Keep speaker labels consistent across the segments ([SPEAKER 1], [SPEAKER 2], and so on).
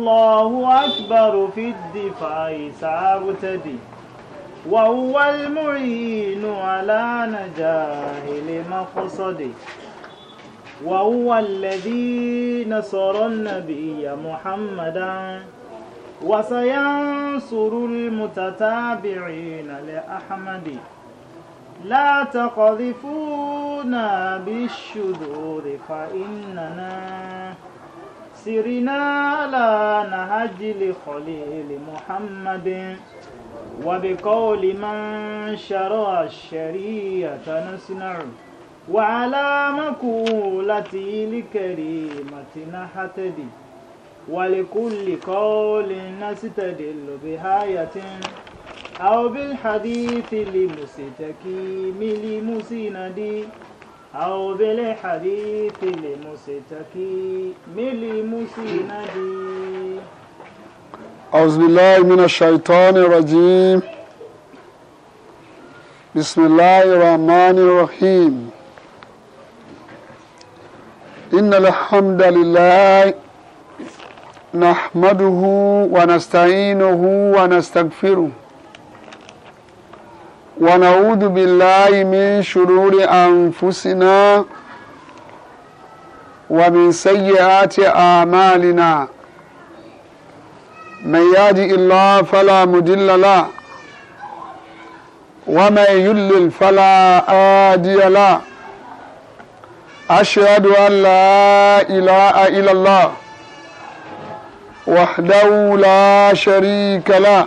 [SPEAKER 1] الله أكبر في الدفاع سأرتدي وهو المعين على نجاه لمقصدي وهو الذي نصر النبي محمدا وسينصر المتتابعين لأحمد لا تقذفونا بالشذوذ فإننا سرنا على نهج لخليل محمد وبقول من شرع الشريعة نصنع وعلى مقولته لكريمتنا نحتدي، ولكل قول نستدل بآية أو بالحديث لمستكيم لمسندي أو بالحديث لمستكي لمسندي
[SPEAKER 2] أعوذ بالله من الشيطان الرجيم بسم الله الرحمن الرحيم إن الحمد لله نحمده ونستعينه ونستغفره ونعوذ بالله من شرور أنفسنا ومن سيئات أعمالنا من يهدي الله فلا مضل له ومن يضلل فلا هادي له أشهد أن لا إله إلا الله وحده لا شريك له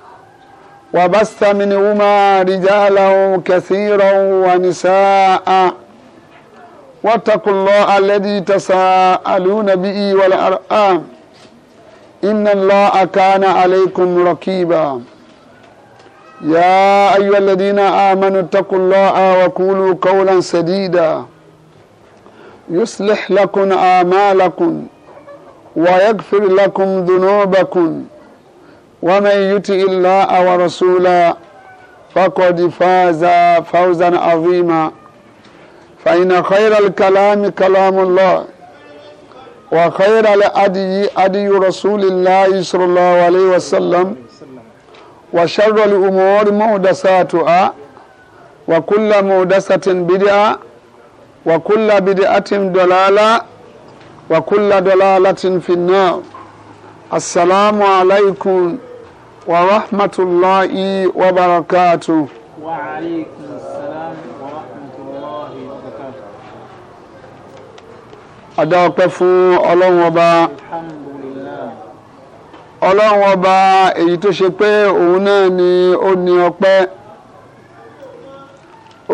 [SPEAKER 2] وبث منهما رجالا كثيرا ونساء واتقوا الله الذي تساءلون به والأرآم إن الله كان عليكم رقيبا يا أيها الذين آمنوا اتقوا الله وقولوا قولا سديدا يصلح لكم آمالكم ويغفر لكم ذنوبكم ومن يطع الله ورسوله فقد فاز فوزا عظيما فإن خير الكلام كلام الله وخير الأدي أدي رسول الله صلى الله عليه وسلم وشر الأمور مودساتها وكل مودسة بدعة وكل بدعة دلالة وكل دلالة في النار السلام عليكم ورحمة الله وبركاته
[SPEAKER 1] وعليكم السلام ورحمة الله وبركاته
[SPEAKER 2] adáwọ̀pẹ́ fún ọlọ́run ọba ọlọ́run ọba èyí tó ṣe pé òun náà ni ó ní ọpẹ́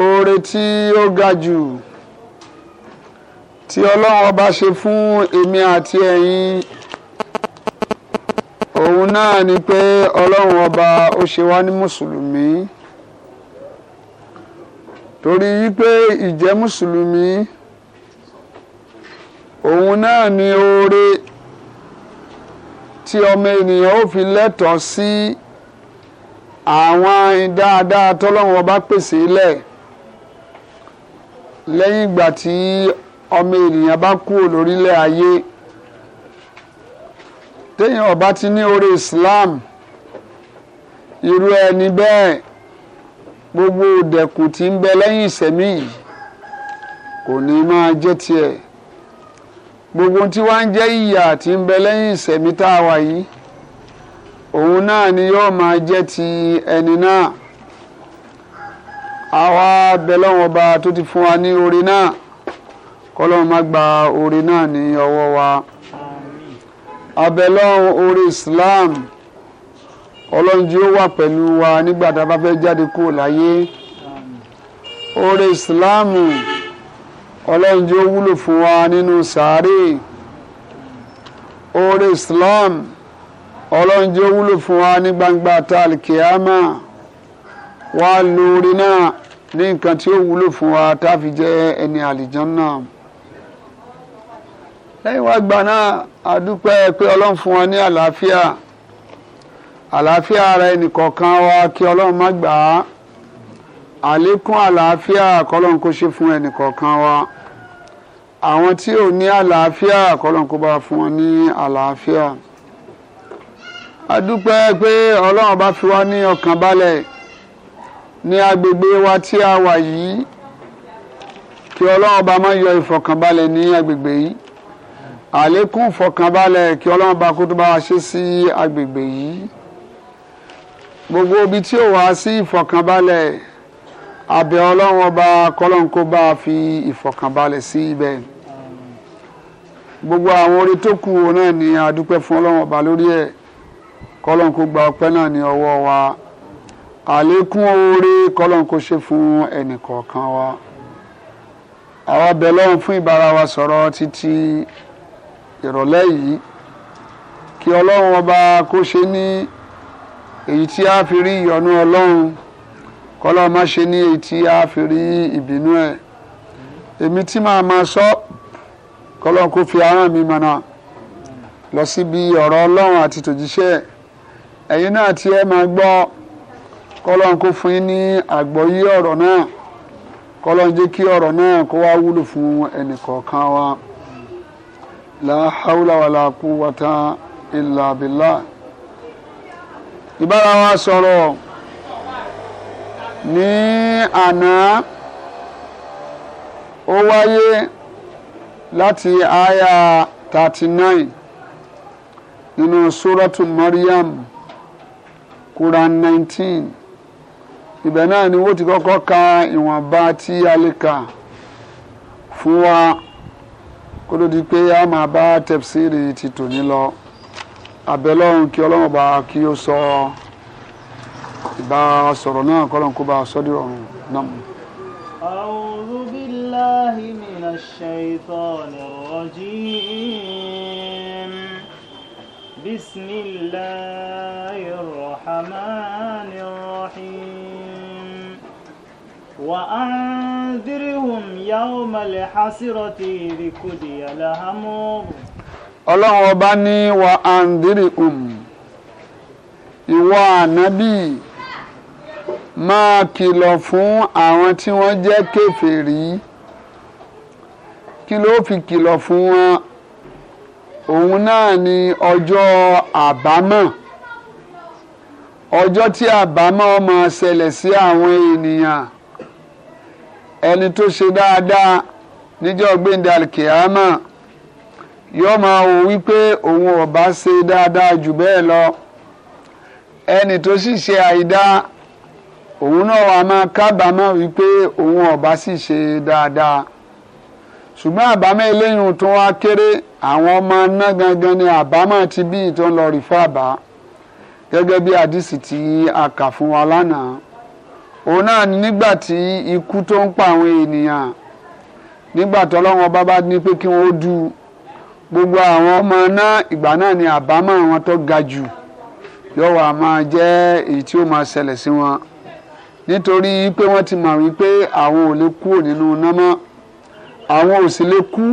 [SPEAKER 2] oore tí ó ga jù tí ọlọ́run ọba ṣe fún èmi àti ẹ̀yin òun náà ni pé ọlọ́run ọba ó ṣe wá ní mùsùlùmí torí wípé ìjẹ́ mùsùlùmí òun náà ni oore tí ọmọ ènìyàn ó fi lẹ́tọ̀ọ́ sí àwọn dáadáa tọ́lọ́run ọba pèsè lẹ̀ lẹ́yìn ìgbà tí ọmọ ènìyàn bá kúrò lórílẹ̀ ayé téèyàn ọba ti ní orí Islam irú ẹni bẹ́ẹ̀ gbogbo dẹ̀kùn tí ń bẹ lẹ́yìn ìsẹ̀mí yìí kò ní máa jẹ́ tiẹ̀ gbogbo tí wá ń jẹ́ ìyà tí ń bẹ lẹ́yìn ìsẹ̀mí tá a wà yìí òun náà ni yóò máa jẹ́ ti ẹni náà àwa bẹlọ́wọ́n ọba tó ti fún wa ní oore náà kọ́lọ́run má náà ní ọwọ́ wa abẹ́lọ́run orí Islam ọlọ́run jí ó wà pẹ̀lú wa nígbà tá a bá fẹ́ jáde kúrò láyé orí Islam ọlọ́run jí ó wúlò fún wa nínú sàárè orí Islam ọlọ́run jí ó wúlò fún wa ní gbangba tálkìámà wàá lórí náà ní nǹkan tí ó wúlò fún wa tá a fi jẹ́ ẹni àlìjànnà náà lẹ́yìn wá gbà náà àdúpẹ́ pé ọlọ́run fún wọn ní àlàáfíà àlàáfíà ara ẹnìkọ̀ọ̀kan wa kí ọlọ́run má gbà á àlékún àlàáfíà kọ́lọ́run kó ṣe fún ẹnìkọ̀ọ̀kan wa àwọn tí ò ní àlàáfíà kọ́lọ́run kó bá fún wọn ní àlàáfíà àdúpẹ́ pé ọlọ́run bá fi wá ní ọkàn balẹ̀ ní agbègbè wa tí a wà yìí kí ọlọ́run bá má yọ ìfọ̀kànbalẹ̀ ní agbègbè yìí àlékún fọkànbalẹ̀ kí ọlọ́run bá kó tó bá wa ṣe sí agbègbè yìí gbogbo ibi tí ó wá sí ìfọkànbalẹ̀ abẹ ọlọ́run ọba kọ́lọ́run kó bá a fi ìfọkànbalẹ̀ sí ibẹ̀ gbogbo àwọn orí tó kù òun náà ni àdúpẹ́ fún ọlọ́run ọba lórí ẹ̀ kọ́lọ́run kó gba ọpẹ́ náà ní ọwọ́ wa àlékún oore kọ́lọ́run kó ṣe fún ẹnìkọ̀ọ̀kan wa àwa bẹ̀ lọ́run fún ìbára wa sọ̀rọ̀ títí ìrọ̀lẹ́ yìí kí ọlọ́run ọba kó ṣe ní èyí tí a fi rí ìyọ́nú ọlọ́run kọ́lọ́ má ṣe ní èyí tí a fi rí ìbínú ẹ̀ èmi tí màá máa sọ kọ́lọ́ kó fi ahọ́n mi mọ̀nà lọ síbi ọ̀rọ̀ ọlọ́run àti tòjíṣẹ́ ẹ̀yin náà tí ẹ máa gbọ́ kọ́lọ́ kó fún yín ní àgbọ́yé ọ̀rọ̀ náà kọ́lọ́ jẹ́ kí ọ̀rọ̀ náà kó wá wúlò fún ẹnì kọ̀ọ̀kan wa la haula wala quwwata illa billah ìbára wa sọ̀rọ̀ ní àná ó wáyé láti àyà 39 nínú suratu Maryam Quran 19 ibẹ̀ náà ni wọ́n ti kọ́kọ́ ka ìwọ̀nba tí a lè kà fún wa kó ló di pé a máa bá tẹ̀síìrì ti tòní lọ abẹ́lọ́run kí ọlọ́run bá kí ó sọ ìbá sọ̀rọ̀ náà kọ́lọ́n kó bá a sọ́ dìrọ̀rùn náà.
[SPEAKER 1] أعوذ بالله من الشيطان الرجيم بسم الله الرحمن الرحيم وأنذرهم يوم الحسرة إذ قضي الأمر
[SPEAKER 2] ọlọ́run ọba ní wa andirikum ìwọ ànábì máa fún àwọn tí wọ́n jẹ́ kèfèrí kí ló fi kìlọ̀ fún wọn náà ni ọjọ́ àbámọ̀ ọjọ́ tí àbámọ̀ máa ṣẹlẹ̀ sí àwọn ènìyàn. ẹni tó ṣe dáadáa níjọ́ gbẹ̀ndẹ̀ alikiyama yóò máa wò wípé òun ò bá ṣe dáadáa jù bẹ́ẹ̀ lọ ẹni tó sì ṣe àìdá òun náà wà máa kábàámọ̀ wípé òun ò bá sì ṣe dáadáa ṣùgbọ́n àbámọ̀ eléyìí tó wá kéré àwọn ọmọ náà gangan ni àbámọ̀ ti bí ìtàn lọ rí fún àbá gẹ́gẹ́ bí àdìsí tí a kà fún wa lánàá òun náà ni nígbà tí ikú tó ń pa àwọn ènìyàn nígbà tí Ọlọ́run ọba bá ní pé kí wọ́n ó du gbogbo àwọn ọmọ náà ìgbà náà ni àbámọ̀ wọn tó ga jù yóò wá máa jẹ́ èyí tí ó máa ṣẹlẹ̀ sí wọn nítorí pé wọ́n ti mọ̀ wípé àwọn ò lè kúrò nínú iná mọ́ àwọn ò sì lè kú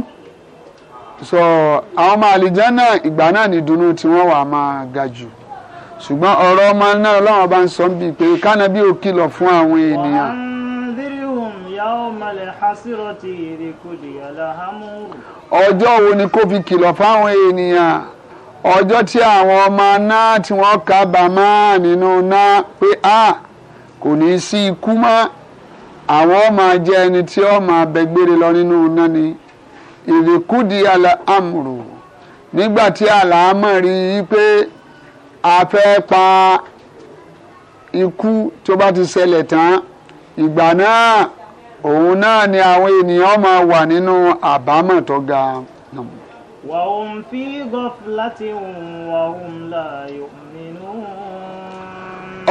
[SPEAKER 2] sọ àwọn ọmọ àlìjá náà ìgbà náà ni ìdùnnú tí wọ́n wà máa ga jù. So, ṣùgbọ́n ọ̀rọ̀ ọmọ náà ọlọ́run ọba ń sọ bíi pé kánábí ò kìlọ̀ fún àwọn ènìyàn. ọjọ́ wo ni kò fi kìlọ̀ fáwọn ènìyàn ọjọ́ tí àwọn ọmọ náà tí wọ́n nínú náà pé a kò ní í sí ikú mọ́ àwọn ọmọ jẹ́ ẹni tí ọmọ lọ nínú náà ni ìrìkúdìí àmùrù nígbà tí àlàámọ̀ rí i pé. a pa ikú tó bá ti ṣẹlẹ̀ tán ìgbà náà òun náà ni àwọn ènìyàn máa wà nínú àbámọ̀ tó ga.
[SPEAKER 1] wàhùn fi gọ́fìlátì wàhùn láàyò nínú.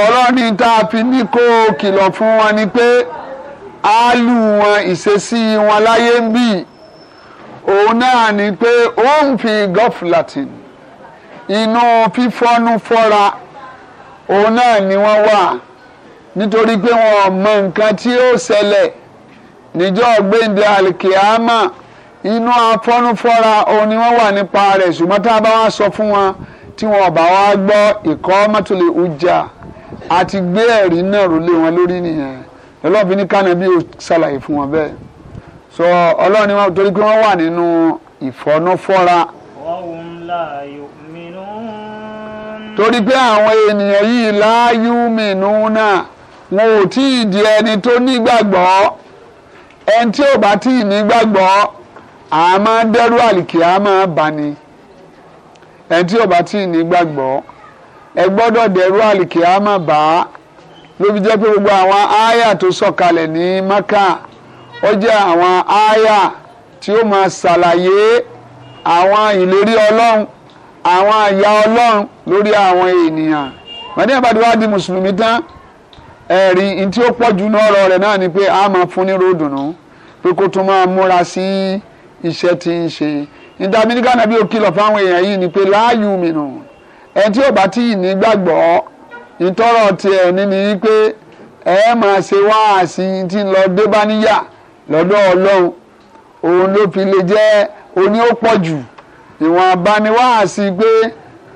[SPEAKER 2] ọlọ́ni tá a fi ní kó kìlọ̀ fún wọn ni pé áálù wọn ìṣesí wọn láyé ń bì òun náà ni pé ó ń fi gọ́fìlátì inú fífọ́nú fọ́ra òun náà ni wọ́n wà nítorí pé wọn ò mọ nǹkan tí ó ṣẹlẹ̀ níjọ́ gbẹ̀ǹdẹ̀ alikiyama inú afọ́núfọ́ra òun ni wọ́n wà nípa rẹ̀ ṣùgbọ́n tá a bá wá sọ fún wọn tí wọn bá wá gbọ́ ìkọ́ mọ́tòlè ọjà àti gbé ẹ̀rí náà rólé wọn lórí nìyẹn lọ́lọ́bí ní kánàbí ò ṣàlàyé fún wọn bẹ́ẹ̀ sọ ọlọ́run wọn torí pé wọ́n wà nínú ìfọ́núfọ́ra. wọ́n wù ú láàyò torí pé àwọn ènìyàn yìí láàyù mìnúnà wọn ò tí ì di ẹni tó nígbàgbọ́ ẹni tí ò bá tí ì nígbàgbọ́ àmọ́ dẹ́rù àlìkìyámà bani ẹni tí ò bá tí ì nígbàgbọ́ ẹ gbọ́dọ̀ dẹ́rù àlìkìyámà bá ló fi jẹ́ pé gbogbo àwọn áyà tó sọ̀kalẹ̀ ní Mákà ó jẹ́ àwọn áyà tí ó máa ṣàlàyé àwọn ìlérí Ọlọ́run àwọn àyà ọlọ́run lórí àwọn ènìyàn mọ̀dé àbá tí wàá di mùsùlùmí tán ẹ̀rí ntí ó pọ̀ jù náà ọ̀rọ̀ rẹ̀ náà ni pé a máa fún ní ròdùnú pé kó tún máa múra sí iṣẹ́ tí ń ṣe níta mílíkà nàbí ó kìlọ̀ fáwọn èèyàn yìí ni pé láàyè mìíràn ẹ̀ tí ò bá tí ì nígbàgbọ́ ìtọ́rọ̀ tiẹ̀ ní ni pé ẹ máa ṣe wáàsí tí ń lọ dé lọ́dọ̀ ọlọ́run òun ló fi lè jẹ́ oní ó pọ̀ jù ìwọ̀nba ni wáàsí pé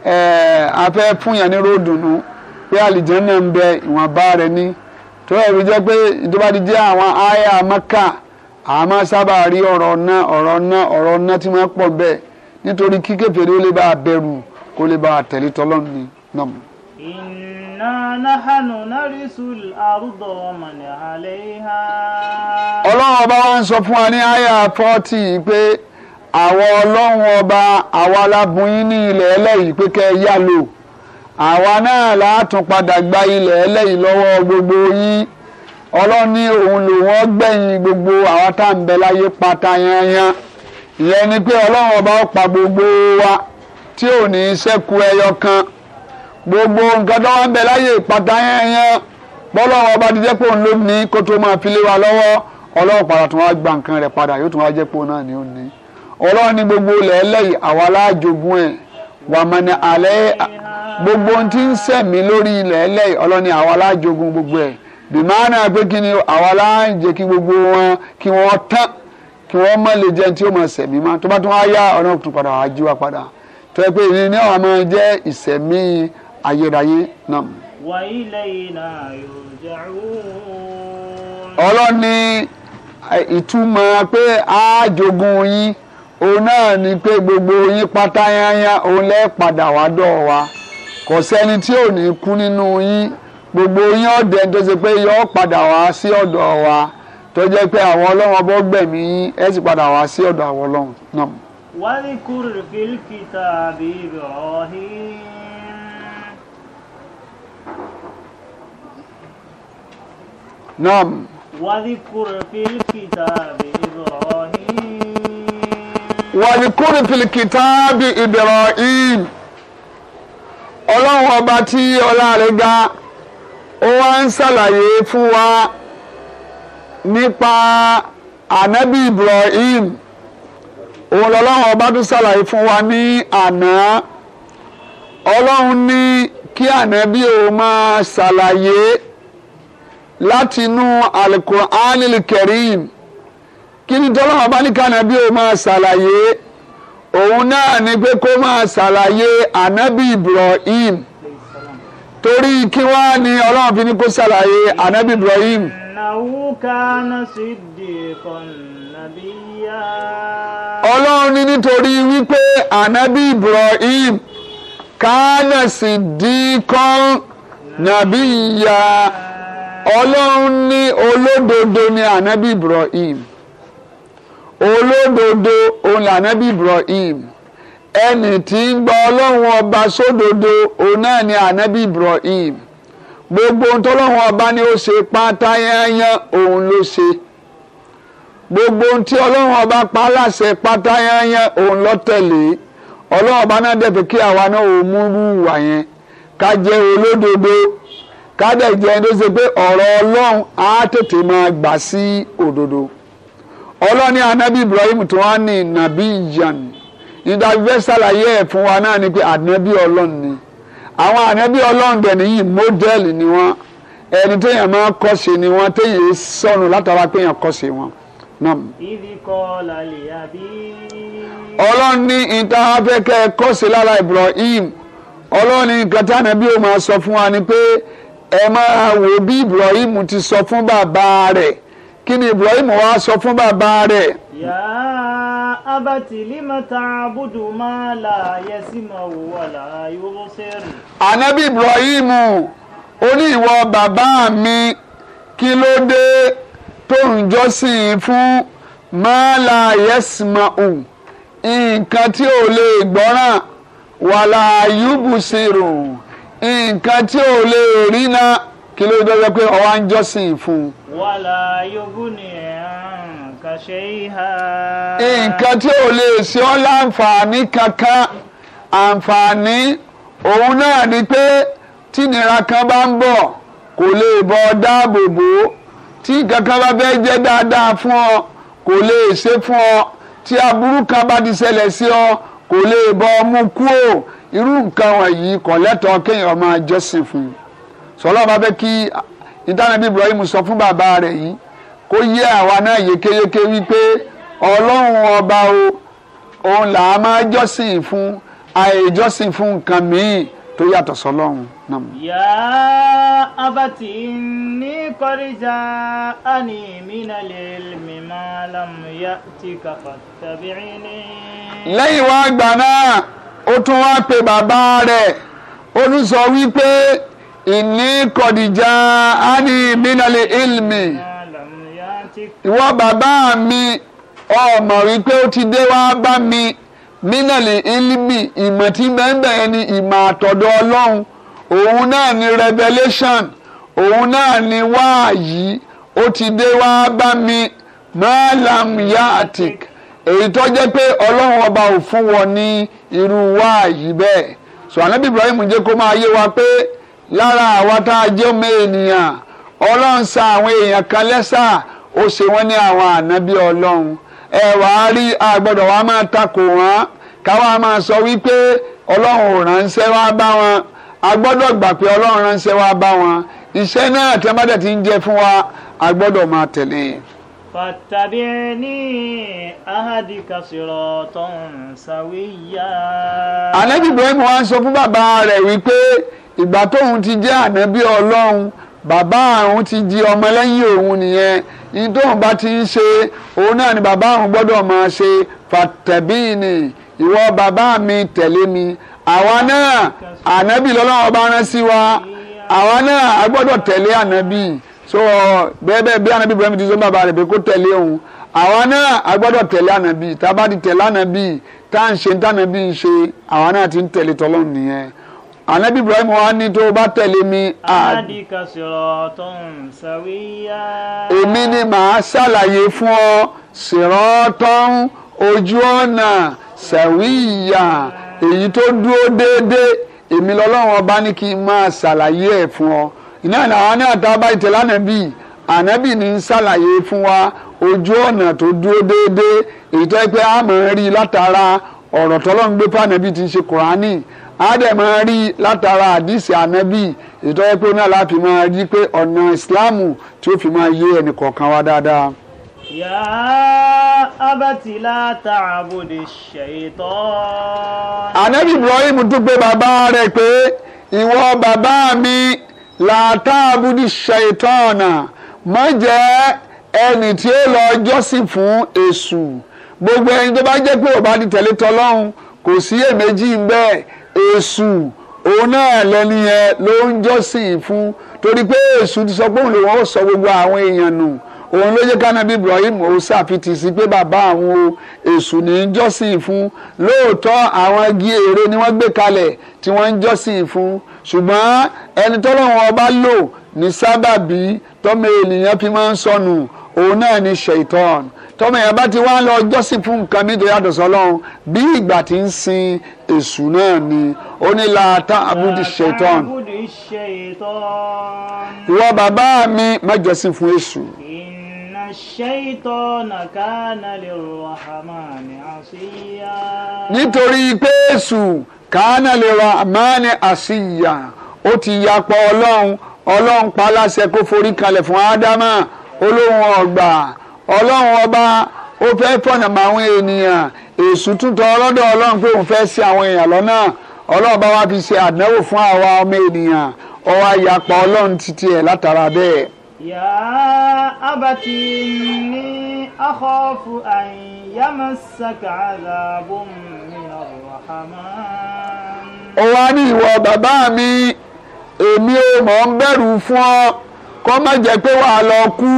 [SPEAKER 2] eh, afẹ́ fún yẹn ní ròdùnú pé náà ń bẹ ìwọ̀nba rẹ ní tó ẹ̀rù jẹ́ pé ìjọba ti jẹ́ àwọn àyà mẹ́kà àmọ́ sábà rí ọ̀rọ̀ ọ̀nà ọ̀rọ̀ tí wọ́n pọ̀ bẹ́ẹ̀ nítorí kí ó bá a bẹ̀rù bá a tẹ̀lé tọ́lọ́ àwọn ọlọ́run ọba àwa la ní ilẹ̀ ẹlẹ́yìí pé kẹ́ ẹ yá lò àwa náà látún padà gba ilẹ̀ ẹlẹ́yìí lọ́wọ́ gbogbo yín ọlọ́run ní òun lòun gbẹ̀yìn gbogbo àwa tá à ń bẹ láyé pátá yanyan ọlọ́run ọba ó gbogbo wa tí ò ní ẹyọ gbogbo nǹkan tó wá ń bẹ láyé ọba ti jẹ́ pé òun ló ní kó wa lọ́wọ́ ọlọ́run padà gba nǹkan padà yóò wá jẹ́ pé òun ọlọ́run ní gbogbo ilẹ̀ ẹlẹ́yìí àwa aláàjogún ẹ̀ wàmọ̀nà alẹ́ gbogbo ohun tí ń sẹ̀mí lórí ilẹ̀ ẹlẹ́yìí ọlọ́run ní àwa aláàjogún gbogbo ẹ̀ bìmánà pé kí ni àwa aláàjẹ kí gbogbo wọn kí wọ́n tán kí wọ́n má lè jẹun tí ó máa sẹ̀mí má tó bá tún wá yá ọ̀nà òkùnkùn padà wá jí wa padà tó yẹ pé ìrìn ní àwọn máa jẹ́ ìsẹ̀mí ayérayé náà.
[SPEAKER 1] wa ilayna yurja'un.
[SPEAKER 2] ọlọ́ni ìtumọ̀ pé a yín òun náà ni pé gbogbo yín pátá yányá òun lẹ́ padà wá dọ̀ wa kò sẹ́ni tí ò ní kú nínú yín gbogbo yín ọ̀dẹ̀ tó ṣe pé yọ padà wá sí ọ̀dọ̀ wa tó jẹ́ pé àwọn ọlọ́run ọbọ̀ gbẹ̀mí yín ẹ sì padà wá sí ọ̀dọ̀ àwọn ọlọ́run náà.
[SPEAKER 1] واذكر في الكتاب إبراهيم نعم واذكر في الكتاب إبراهيم
[SPEAKER 2] wàlíkúrì fìlìkìtàbí Ibrahim ọlọ́run ọba tí ọlá rẹ̀ ga ó wá ń ṣàlàyé fún wa nípa ànábì Ibrahim òun lọ́lọ́run ọba tún ṣàlàyé fún wa ní àná ọlọ́run ní kí ànábì òun máa ṣàlàyé látinú alukur'anil karim kí ni tọ́lọ́wọ́n bá ní kànábí ó máa ṣàlàyé òun náà ni pé kó máa ṣàlàyé ànábì Ibrahim torí kí wá ni ọlọ́run fi ní kó ṣàlàyé ànábì Ibrahim. ọlọ́run ní nítorí wípé ànábì Ibrahim kánà sí díkọ́n nàbí ìyá ọlọ́run ní olódodo ni ànábì Ibrahim. olódodo òun lànàbí Ibrahim ẹnì tí ń gba ọlọ́run ọba sódodo òun náà ni gbogbo ohun tọ́lọ́run ọba ni ó ṣe pátá gbogbo ohun tí ọlọ́run ọba pa láṣẹ pátá yányán òun tẹ̀lé ọlọ́run ọba náà dẹ̀ pé kí àwa náà ò múrú wà yẹn ká jẹ́ olódodo ká dẹ̀ jẹ́ ẹni tó ṣe pé ọ̀rọ̀ ọlọ́run á tètè ọlọ́ni anabi ibrahim tó wá ní nàbí ìyàn nígbà fífẹ́ ṣàlàyé ẹ̀ fún wa náà ni pé anabi ọlọ́run ni àwọn anabi ọlọ́run dẹ̀ nìyí mọ́dẹ́lì ni wọ́n ẹni téèyàn máa kọ́ṣe ni wọ́n téèyàn sọnù látara pé èèyàn kọ́ṣe wọn. ọlọ́run ní ìta afẹ́kẹ́ kọ́ṣe lára ibrahim ọlọ́run ní nǹkan anabi ọ̀ máa sọ fún wa ni pé ẹ máa wò bí ibrahim ti sọ fún bàbá rẹ̀ kí ni Ibrahim wá sọ fún bàbá rẹ̀. yà
[SPEAKER 1] á abati lima ta'budu ma la yasma'u wa la yubsir.
[SPEAKER 2] ànábì Ibrahim ó bàbá mi kí ló dé tó ń jọ́sìn fún ma la yasma'u nǹkan tí ò lè gbọ́ràn wa la yubsir nǹkan tí ò lè rí náà kí ló dé jẹ́ pé ọwọ́ ń jọ́sìn fún un.
[SPEAKER 1] wàlá yóò ní ẹ̀ǹkà ṣe ìhà.
[SPEAKER 2] nǹkan tí ò lè ṣe ọ́ láǹfààní kankan àǹfààní òun náà ni pé tìnira kan bá ń bọ̀ kò lè bọ́ dáàbò bò ó tí nǹkan bá fẹ́ jẹ́ dáadáa fún ọ kò lè ṣe fún ọ tí aburú kan bá ti ṣẹlẹ̀ sí ọ kò lè bọ́ ọ mú kúò irú nǹkan wọ̀nyí kò lẹ́tọ̀ọ́ kéèyàn máa jọ́sìn fún un sọlá ọba fẹ́ kí ìtànàbí Ibrahim sọ fún bàbá rẹ̀ yìí kó yé àwa náà yékéyéké wípé ọlọ́run ọba o òun là á máa jọ́sìn fún àìjọ́sìn fún nǹkan míì tó yàtọ̀ sọlọ́run náà.
[SPEAKER 1] yá abati ní kọ́ríjà ani mina lè mímọ́ ya tí kàfà tàbí ní.
[SPEAKER 2] lẹ́yìn wá gbà náà ó tún wá pe bàbá rẹ̀ ó wípé ìní kọ̀dìjà ánì mínàlè ilmi ìwọ bàbá mi ọmọ wípé ó ti dé wá bá mi mínàlè ilmi ìmọ̀ tí bẹ́ẹ̀ ni ìmọ̀ àtọ̀dọ̀ ọlọ́run òun náà ni revelation òun náà ni wáàyí ó ti dé wá bá mi malam yatik èyí tó jẹ́ pé ọlọ́run ọba ò fún wọn ní irú wáàyí bẹ́ẹ̀ sọ ànábì Ibrahim jẹ́ kó máa yé wa pé. lára àwọn tá a jẹ́ ọmọ ènìyàn ọlọ́run sa àwọn èèyàn kan lẹ́sà ó ṣe wọ́n ní àwọn ànábì ọlọ́run ẹ á rí àgbọ̀dọ̀ wa máa takò wọ́n káwa máa sọ wípé ọlọ́run ò ránṣẹ́ wá bá wọn a gbà pé ọlọ́run ránṣẹ́ wá bá wọn iṣẹ́ náà tí wọ́n bá dẹ̀ ti ń jẹ fún wa a gbọ́dọ̀ máa tẹ̀lé.
[SPEAKER 1] Fattabi'ni ahadika siratan sawiyya.
[SPEAKER 2] Ànábì Ibrahim wá ń sọ fún bàbá rẹ̀ wípé ìgbà tóun ti jẹ́ ànábì ọlọ́run bàbá àwọn ti di ọmọlẹ́yìn òun nìyẹn ní tóun bá ti ń ṣe òun náà ni bàbá àwọn gbọ́dọ̀ máa ṣe fàtẹ̀bíìnì ìwọ bàbá mi tẹ̀lé mi àwa náà ànábì lọ́lọ́run ọba rán sí wa àwa náà a gbọ́dọ̀ tẹ̀lé ànábì so bẹ́ẹ̀ bẹ́ẹ̀ bí ànábì Ibrahim ti sọ bàbá rẹ̀ pé kó tẹ̀lé òun àwa náà a gbọ́dọ̀ tẹ̀lé ànábì tá a bá ti tẹ̀lé ànábì tá à ń ṣe tá ànábì ń ṣe àwa náà ti ń tẹ̀lé tọ́lọ́run nìyẹn ànábì ibrahim wa ní tó bá tẹ̀lé mi. àdìkà
[SPEAKER 1] siratan sawiya.
[SPEAKER 2] èmi ni màá ṣàlàyé fún ọ siratan ojú ọ̀nà sawiya èyí tó dúró déédéé èmi lọ́lọ́run ọba ní kí n máa ṣàlàyé ẹ̀ fún ọ iná àwọn ní àtàbá ìtẹ̀lá nàbí ànábì ní ń ṣàlàyé fún wa ojú ọ̀nà tó dúró déédéé èyí tó pé a máa rí látara ọ̀rọ̀ tọ́lọ́run gbé pànàbí ti ń ṣe kùránì àádẹ́ máa rí látara àdìsí ànábì ìtọ́jú pé náà láti máa rí pé ọ̀nà ìsìláàmù tí ó fi máa yé ẹnì kọ̀ọ̀kan wa dáadáa.
[SPEAKER 1] يا أبت لا تعبد الشيطان.
[SPEAKER 2] Ànábì Ibrahim dúpẹ́ bàbá rẹ̀ pé ìwọ bàbá mi la ta'budi ṣaitọ́ọ̀nà má jẹ́ ẹni tí ó lọ jọ́sìn fún èṣù gbogbo ẹni tó bá jẹ́ pé ò bá ti tẹ̀lé tọlọ́hun kò sí èméjì ń bẹ́ẹ̀ èṣù òun náà lẹni yẹn ló ń jọ́sìn fún torí pé èṣù ti sọ pé òun lòun ó sọ gbogbo àwọn èèyàn nù òun ló jẹ́ kánábí Ibrahim osa fìtì sí pé bàbá àwọn o èṣù ní í jọ́sìn fún lóòótọ́ àwọn igi èrè ni wọ́n gbé kalẹ̀ tí wọ́n ń jọ́sìn fún ṣùgbọ́n ẹni tọ́lọ́wọ́n ọba lò ní sábàbí tọ́mọ ènìyàn fi máa ń sọnù òun náà ni ṣèitán tọ́mọ yẹn bá ti wá lọ jọ́sìn fún nǹkan mi tó yàtọ̀ sọ́lọ́run bí ìgbà tí ń sin èṣù náà ni ó ní làátá abúdí ṣèitán ìwọ bàbá mi má jọ́sìn fún èṣù.
[SPEAKER 1] Inna ṣaitana kana
[SPEAKER 2] nítorí pé èṣù kana lirrahmani asiya ó ti yapa ọlọ́run ọlọ́run pa láṣẹ kó forí kalẹ̀ fún ádámà olóhùn ọgbà ọlọ́run ọba ó fẹ́ fọ̀nà mọ́ àwọn ènìyàn èṣù túntọ́ ọlọ́dọ̀ ọlọ́run pé òun fẹ́ ṣì àwọn èèyàn lọ́nà ọlọ́run bá wá fi ṣe àdánwò fún àwa ọmọ ènìyàn ọwọ́ ayapa ọlọ́run títí ẹ̀ látara bẹ́ẹ̀.
[SPEAKER 1] yà á abàtì ní àkọ́fù àyàmásàkà àdàbùn mi ọ̀rọ̀
[SPEAKER 2] àmọ́. ó wá ní ìwọ bàbá mi èmi ò mọ̀ ń bẹ̀rù fún ọ kó má jẹ́ pé wàá lọ kú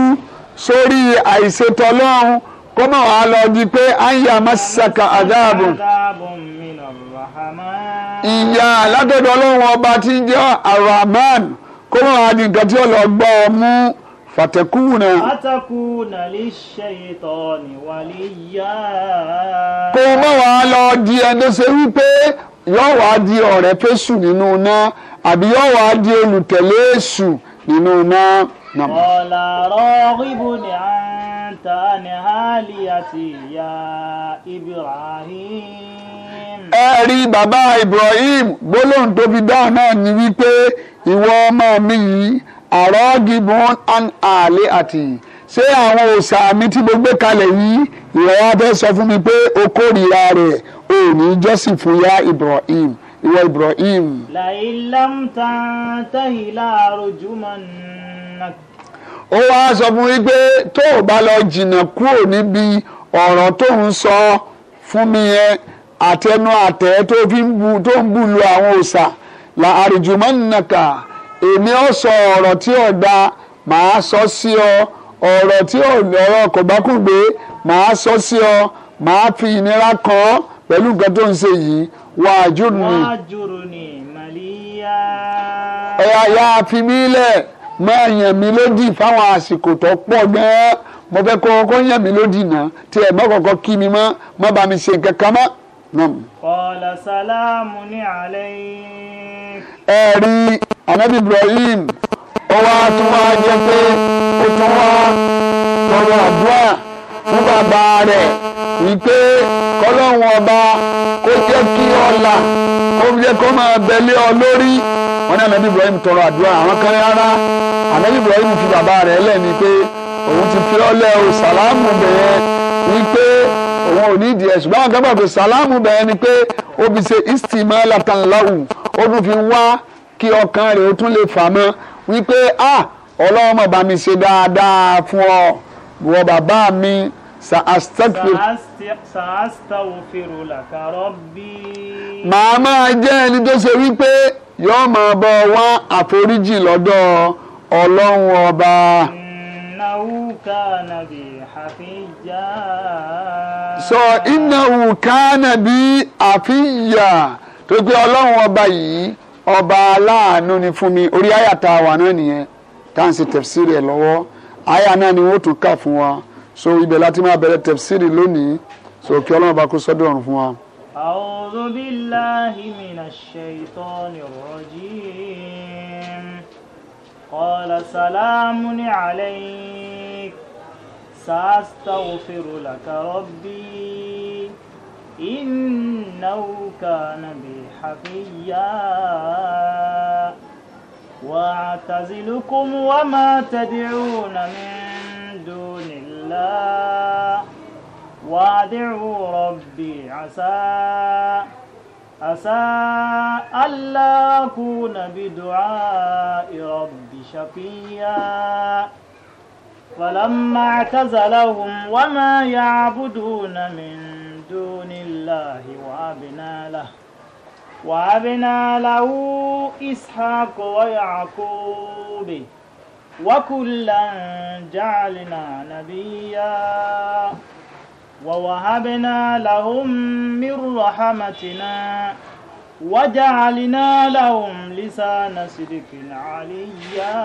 [SPEAKER 2] sórí àìṣètò ọlọ́run kó má wàá lọ di pé àyà masaka adáàbò ìyá látọ̀dọ̀ ọlọ́run ọba tí ń jẹ́ arahman kó má wàá di nǹkan tí ó gbọ́ ọ mú fatakuna.
[SPEAKER 1] fatakuna lè ṣe ìtọ́ ni wàlíyá.
[SPEAKER 2] kó má wàá lọ di ẹni ṣe wípé yóò wàá di ọ̀rẹ́ pẹ̀sù nínú náà àbí yóò wàá di olùtẹ̀lé èṣù nínú náà.
[SPEAKER 1] ọ̀la rọ́ọ̀rìbù ni à ń ta ni hali àti ìyá Ibrahim.
[SPEAKER 2] ẹ rí bàbá Ibrahim gbólóhùn tó fi dáhùn náà ni wípé ìwọ ọmọ mi yìí àrọ́ọ̀gìbù an àlè àti ṣé àwọn òòṣà mi tí mo gbé kalẹ̀ yìí ìrọ̀wá fẹ́ sọ fún mi pé o kórìíra rẹ̀ o ò ní jọ́sìn fún ya Ibrahim ìwọ Ibrahim.
[SPEAKER 1] làìlám tàǹtàhì láàárọ̀ jùmọ̀ nà.
[SPEAKER 2] ó wáá sọ fún mi pé tó o bá lọ jìnnà kúrò níbi ọ̀rọ̀ tó ń mi yẹn àtẹnu àtẹ tó fi bu tó ń bu lu àwọn òòṣà la àrùjùmọ̀ nàkà èmi ò sọ ọ̀rọ̀ tí da ma sọ sí ọ ọ̀rọ̀ tí ọ̀rọ̀ kò bá kú gbé màá sọ sí ọ màá fi ìnira kàn ọ́ nǹkan tó ń ṣe yìí wàjúrùnì
[SPEAKER 1] màlíyà.
[SPEAKER 2] ẹ̀yà ya fi mí lẹ̀ máa yàn mí lódì fáwọn àsìkò tó pọ̀ gan-an mo fẹ́ kọ́ kọ́ yàn mí lódì náà tí ẹ̀ má kọ́kọ́ kí mi mọ́ má bá mi ṣe kankan mọ́. kọ́lá sálámù ní alẹ́ yìí. ẹ rí anabi Ibrahim ó wá pé ó tún wá lọ́dọ̀ àdúrà fún bàbá rẹ̀ wípé kọ́lọ́hún ọba kó jẹ́ kí ọ̀la kó jẹ́ kó máa bẹ̀lẹ́ ọ lórí wọn ní anabi ibrahim tọrọ àdúrà àwọn kan rárá anabi ibrahim fi bàbá rẹ̀ lẹ́ni pé òun ti fi ọlẹ́ o sàlámù bẹ̀yẹn wípé òun ò ní ìdí ẹ̀ ṣùgbọ́n àwọn kan bá pé sàlámù bẹ̀yẹn ni pé ó fi ṣe istima latanlahu ó tún fi wá kí ọkàn rẹ̀ ó tún lè fà mọ́ wípé ah ọlọ́wọ́ mọ̀ bá mi ṣe dáadáa fún ọ wọ bàbá mi
[SPEAKER 1] sàásítàwòfèrò làkàrọ̀ bí.
[SPEAKER 2] màá máa jẹ́ ẹni tó ṣe wípé yóò máa bọ̀ wá àforíjì lọ́dọ̀ ọlọ́run ọba. sọ ìnáwó kànábì àfíjà tó gbé ọlọ́run ọba yìí ọba aláàánú ni fún mi orí àyà wà náà nìyẹn tá à ń ṣe tẹ̀síìrì ẹ̀ lọ́wọ́ àyà náà ni wọ́n tún kà fún wa so ibẹ̀ láti máa bẹ̀rẹ̀ tẹ̀síìrì lónìí so kí ọlọ́run bá kó sọ́dọ̀ ọ̀run fún wa.
[SPEAKER 1] A'udhu billahi minash shaitani rrajim. Qala salamun alayk. Sa'astaghfiru laka rabbi. إنه كان بي حفيا وأعتزلكم وما تدعون من دون الله لا وادعوا ربي عسى عسى ألا أكون بدعاء ربي شقيا فلما اعتزلهم وما يعبدون من دون الله وأبنا له وأبنا له إسحاق ويعقوب وكلا جعلنا نبيا ووهبنا لهم من رحمتنا وجعلنا لهم لسان صدق عليا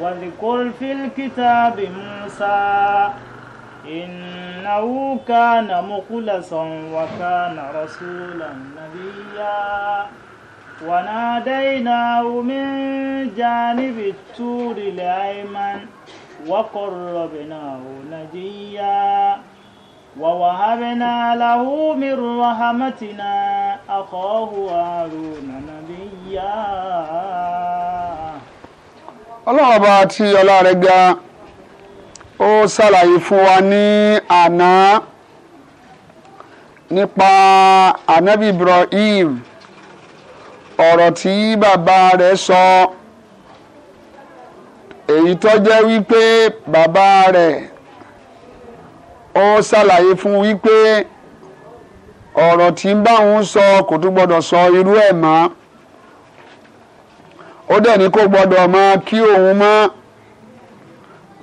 [SPEAKER 1] واذكر في الكتاب موسى إنه كان مخلصا وكان رسولا نبيا وناديناه من جانب الطور الأيمن وقربناه نجيا ووهبنا له من رحمتنا أخاه هارون نبيا
[SPEAKER 2] الله باتي الله ọlá rẹ̀ ga ó ṣàlàyé fún wa ní àná nípa anabi Ibrahim ọ̀rọ̀ tí bàbá rẹ̀ sọ èyí tó jẹ́ wípé bàbá rẹ̀ ó ṣàlàyé fún wípé ọ̀rọ̀ tí ń bá òun sọ kò tún gbọ́dọ̀ sọ irú ẹ̀ mọ́ ó dẹ̀ ní kó gbọ́dọ̀ mọ kí òun mọ́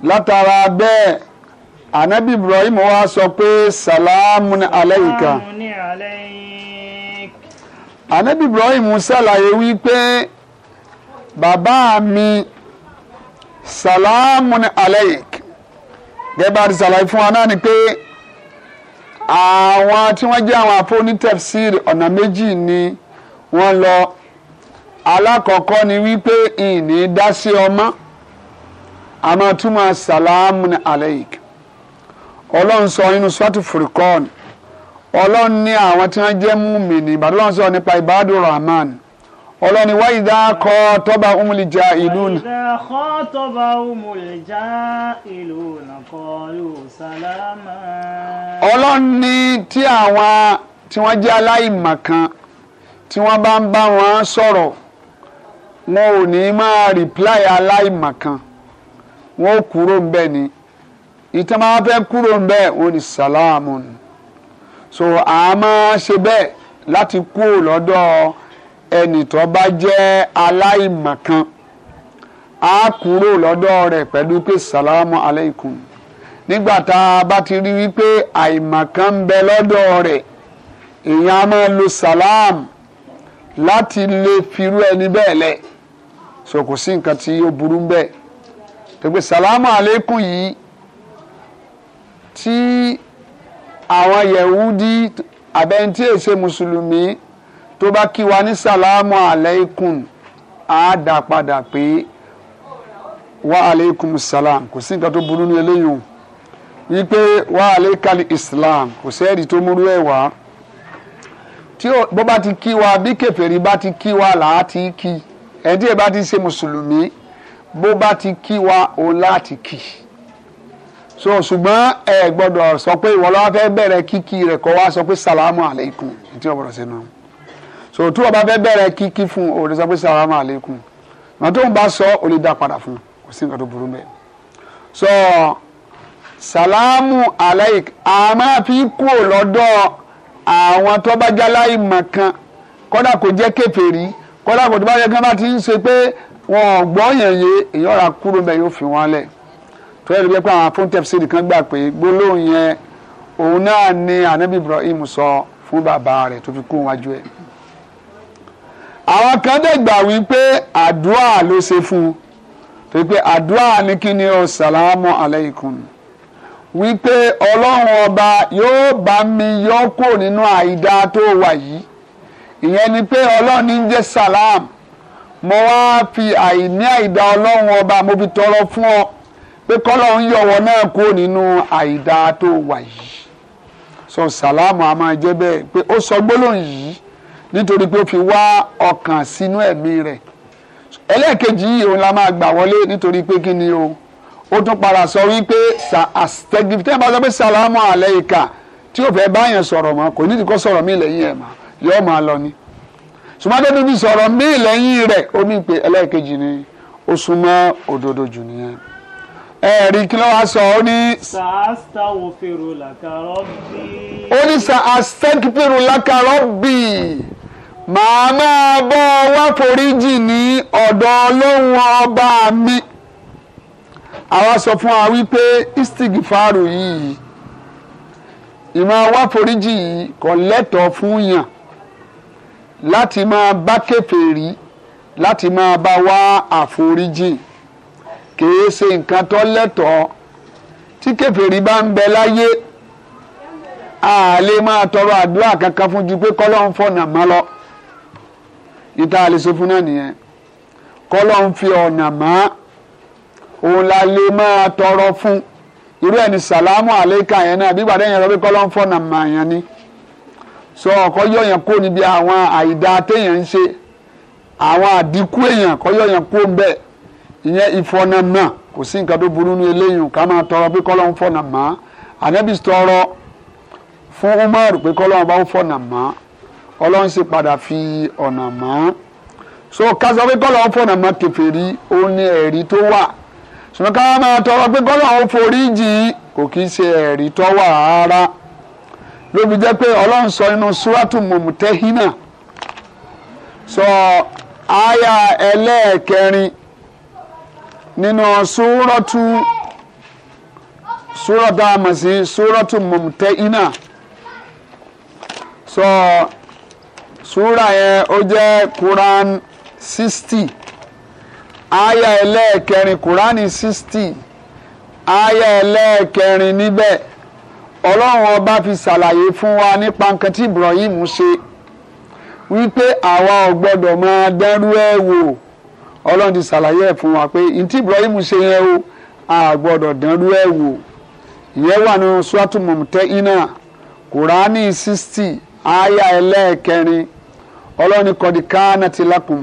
[SPEAKER 2] látara bẹ́ẹ̀ anabi ibrahim wa sọ pé salamun aleika. salamun anabi ibrahim ṣàlàyé wípé bàbá mi salamun aleik gẹ́gẹ́ bá ti ṣàlàyé fún wa náà ni pé àwọn tí wọ́n jẹ́ àwọn afọ́nitẹ́fsir ọ̀nà méjì ni wọ́n lọ alákọ̀ọ́kọ́ ni wípé ìní dá sí ọmọ àmọ́ túmọ̀ salamun aleik ọlọ́run sọ inú sọ́tù furikọ́ọ̀nù ọlọ́run ní àwọn tí wọ́n jẹ́ múmìnì ìbàdàn lọ́n sọ nípa ìbádùn rahman ọlọ́ni wá ìdá kọ́ tọ́ba umulijà ìlú nà.
[SPEAKER 1] ìdá kọ́ tọ́ba umulijà ìlú nà kọ́ yóò sálámà.
[SPEAKER 2] ọlọ́ni tí àwọn tí wọ́n jẹ́ aláìmọ̀kan tí wọ́n bá ń bá wọn sọ̀rọ̀ wọn ò ní máa rìpláì aláìmọ̀kan wọn ò kúrò ń bẹ̀ ni ìtàn máa fẹ́ kúrò ń bẹ̀ wọn ni sàlámù ni so a máa ṣe bẹ́ẹ̀ láti kúrò lọ́dọ̀ ẹnì tó bá jẹ́ aláìmọ̀kan a kúrò lọ́dọ̀ rẹ̀ pẹ̀lú pé salamu alaykum nígbà tá a bá ti rí wípé àìmọ̀kan ń bẹ lọ́dọ̀ rẹ̀ èèyàn a máa lo salam láti lè firú ẹni bẹ́ẹ̀ lẹ̀ so kò sí nǹkan tí ó burú bẹ́ẹ̀ pẹ̀pẹ́ salamu alaykum yìí tí àwọn yẹ̀wúdí àbẹ́ntí èsè mùsùlùmí tó bá kí wa ní sàlámù aleikum á dá padà pé wa aleikum salam kò sí nǹkan tó burú ní eléyìí wípé wa aleikali islam kò sẹ́ẹ̀rì tó múrú ẹ̀ wá tí bó bá ti kí wa bí kèfèrí bá ti kí wa làá ti kí ẹ̀ tí bá ti ṣe mùsùlùmí bó bá ti kí wa òun láti kí so ṣùgbọ́n ẹ gbọ́dọ̀ sọ pé ìwọ lọ́wọ́ fẹ́ bẹ̀rẹ̀ kíkí rẹ̀ kọ́ wá sọ pé salamu aleikum tí wọ́n gbọ́dọ̀ ṣe nù. so tí wọ́n bá fẹ́ bẹ̀rẹ̀ kíkí fún o lè sọ pé salamu aleikum màá tó ń bá sọ o lè dá padà fún kò sí nǹkan tó burú bẹ́ẹ̀. so salamu aleikum a máa fi kú lọ́dọ̀ àwọn tó bá jálá ìmọ̀ kan kọ́dà kò jẹ́ kèfèrí kọ́dà kò tó bá yẹ kí wọ́n bá ti ń ṣe pé wọn gbọ́ yẹn yé kúrò bẹ́ẹ̀ yóò fi wọn lẹ̀ tó yẹ lóye pé àwọn afóńtẹ́fsìrì kan gbà pé gbólóhùn yẹn òun náà ni anabi ibrahim sọ fún bàbá rẹ̀ tó fi kú wájú ẹ̀ àwọn kan dẹ̀ gbà wípé àdúrà ló ṣe fún un torí pé àdúrà ní kí ni o sàlámù aláìkùm wípé ọlọ́run ọba yóò bá mi yọ kó nínú àìdá tó wà yìí ìyẹn ni pé ọlọ́run ní jẹ́ sàlám mo wá fi àìní àìdá ọlọ́run ọba mo fi tọrọ fún ọ pé kọ́lọ̀ ń yọ̀wọ̀ náà kó nínú àìdá tó wà yìí sọ sàlámù a máa jẹ́ bẹ́ẹ̀ pé ó sọ gbólóhùn yìí nítorí pé ó fi wá ọkàn sínú ẹ̀mí rẹ̀ ẹlẹ́ẹ̀kejì yìí òun la máa gbà wọlé nítorí pé kí ni o ó tún padà sọ wípé sa àtẹ̀gì tẹ́ ẹ bá sọ pé sàlámù àlẹ́ ìka tí ò fẹ́ báyẹn sọ̀rọ̀ mọ́ kò nídìí kó sọ̀rọ̀ mí lẹ́yìn ẹ̀ mà yóò máa lọ ni sùmọ́tò bíbí sọ̀rọ̀ mí lẹ́yìn rẹ̀ ó ní pé ẹlẹ́ẹ̀kejì ni ó súnmọ́ òdodo jù nìyẹn ẹ̀rí kí ló wá sọ ó ní.
[SPEAKER 1] sàástáwò fèrò làkàrọ̀ bí. ó
[SPEAKER 2] ní sàástáwò fèrò làkàrọ̀ bí màá máa bọ́ wá foríjì ní ọ̀dọ̀ ọlọ́run ọba mi àwa sọ fún wa wípé istigfaru yìí ìmọ̀ wá foríjì yìí kò lẹ́tọ̀ọ́ fún yàn láti máa bá kèfèrí láti máa bá wá àforíjì kìí ṣe nǹkan tó lẹ́tọ̀ọ́ tí kèfèrí bá ń bẹ láyé a lè máa tọrọ àdúrà kankan fún ju pé kọ́lọ́hún fọ̀nà má lọ níta a lè ṣe fún náà nìyẹn kọ́lọ́hún fi ọ̀nà má òun la lè máa tọrọ fún irú ẹni sàlámù àlékà yẹn náà bí gbàdé yẹn lọ pé fọ̀nà má yẹn ni sọ ọkọ yọ yẹn kó níbi àwọn àìdá téèyàn ń ṣe àwọn àdínkù èèyàn kọ́ yọ yẹn kó ń bẹ́ẹ̀ ìyẹn ìfọ̀nàmà kò sí nǹkan tó burú ní eléyìí ká máa tọrọ pé kọ́lọ́n fọ̀nàmà ànábì tọrọ fún Umar pé kọ́lọ́n bá fọ̀nàmà ọlọ́run sì padà fi ọ̀nà mọ́ so ká sọ pé kọ́lọ́n fọ̀nàmà kèfèrí ó ní ẹ̀rí tó wà ṣùgbọ́n ká máa tọrọ pé kọ́lọ́n forí jì kò kí ń ṣe ẹ̀rí tó wà rárá lóbi jẹ́ pé ọlọ́run sọ inú súrátù mọ̀mùtẹ́hínà sọ áyà ẹlẹ́ẹ̀kẹrin. So, nínú suratu súrọ́tù àmọ̀sí suratu mọ̀mùtẹ́ínà so sura yẹn ó jẹ́ Quran sixty aya ẹlẹ́ẹ̀kẹrin Quran sixty aya ẹlẹ́ẹ̀kẹrin níbẹ̀ ọlọ́run ọba fi ṣàlàyé fún wa nípa nǹkan tí Ibrahim ṣe wípé àwa ò gbọ́dọ̀ máa dẹ́rú E ọlọ́run ti ṣàlàyé ẹ̀ fún wa pé ntí Ibrahim ṣe yẹn o a gbọ́dọ̀ dánrú ẹ̀ wò ìyẹn wà nínú suratu Mumtahina kùránì sixty aya ẹlẹ́ẹ̀kẹrin ọlọ́run ní kọ́dí kánàtì lakum.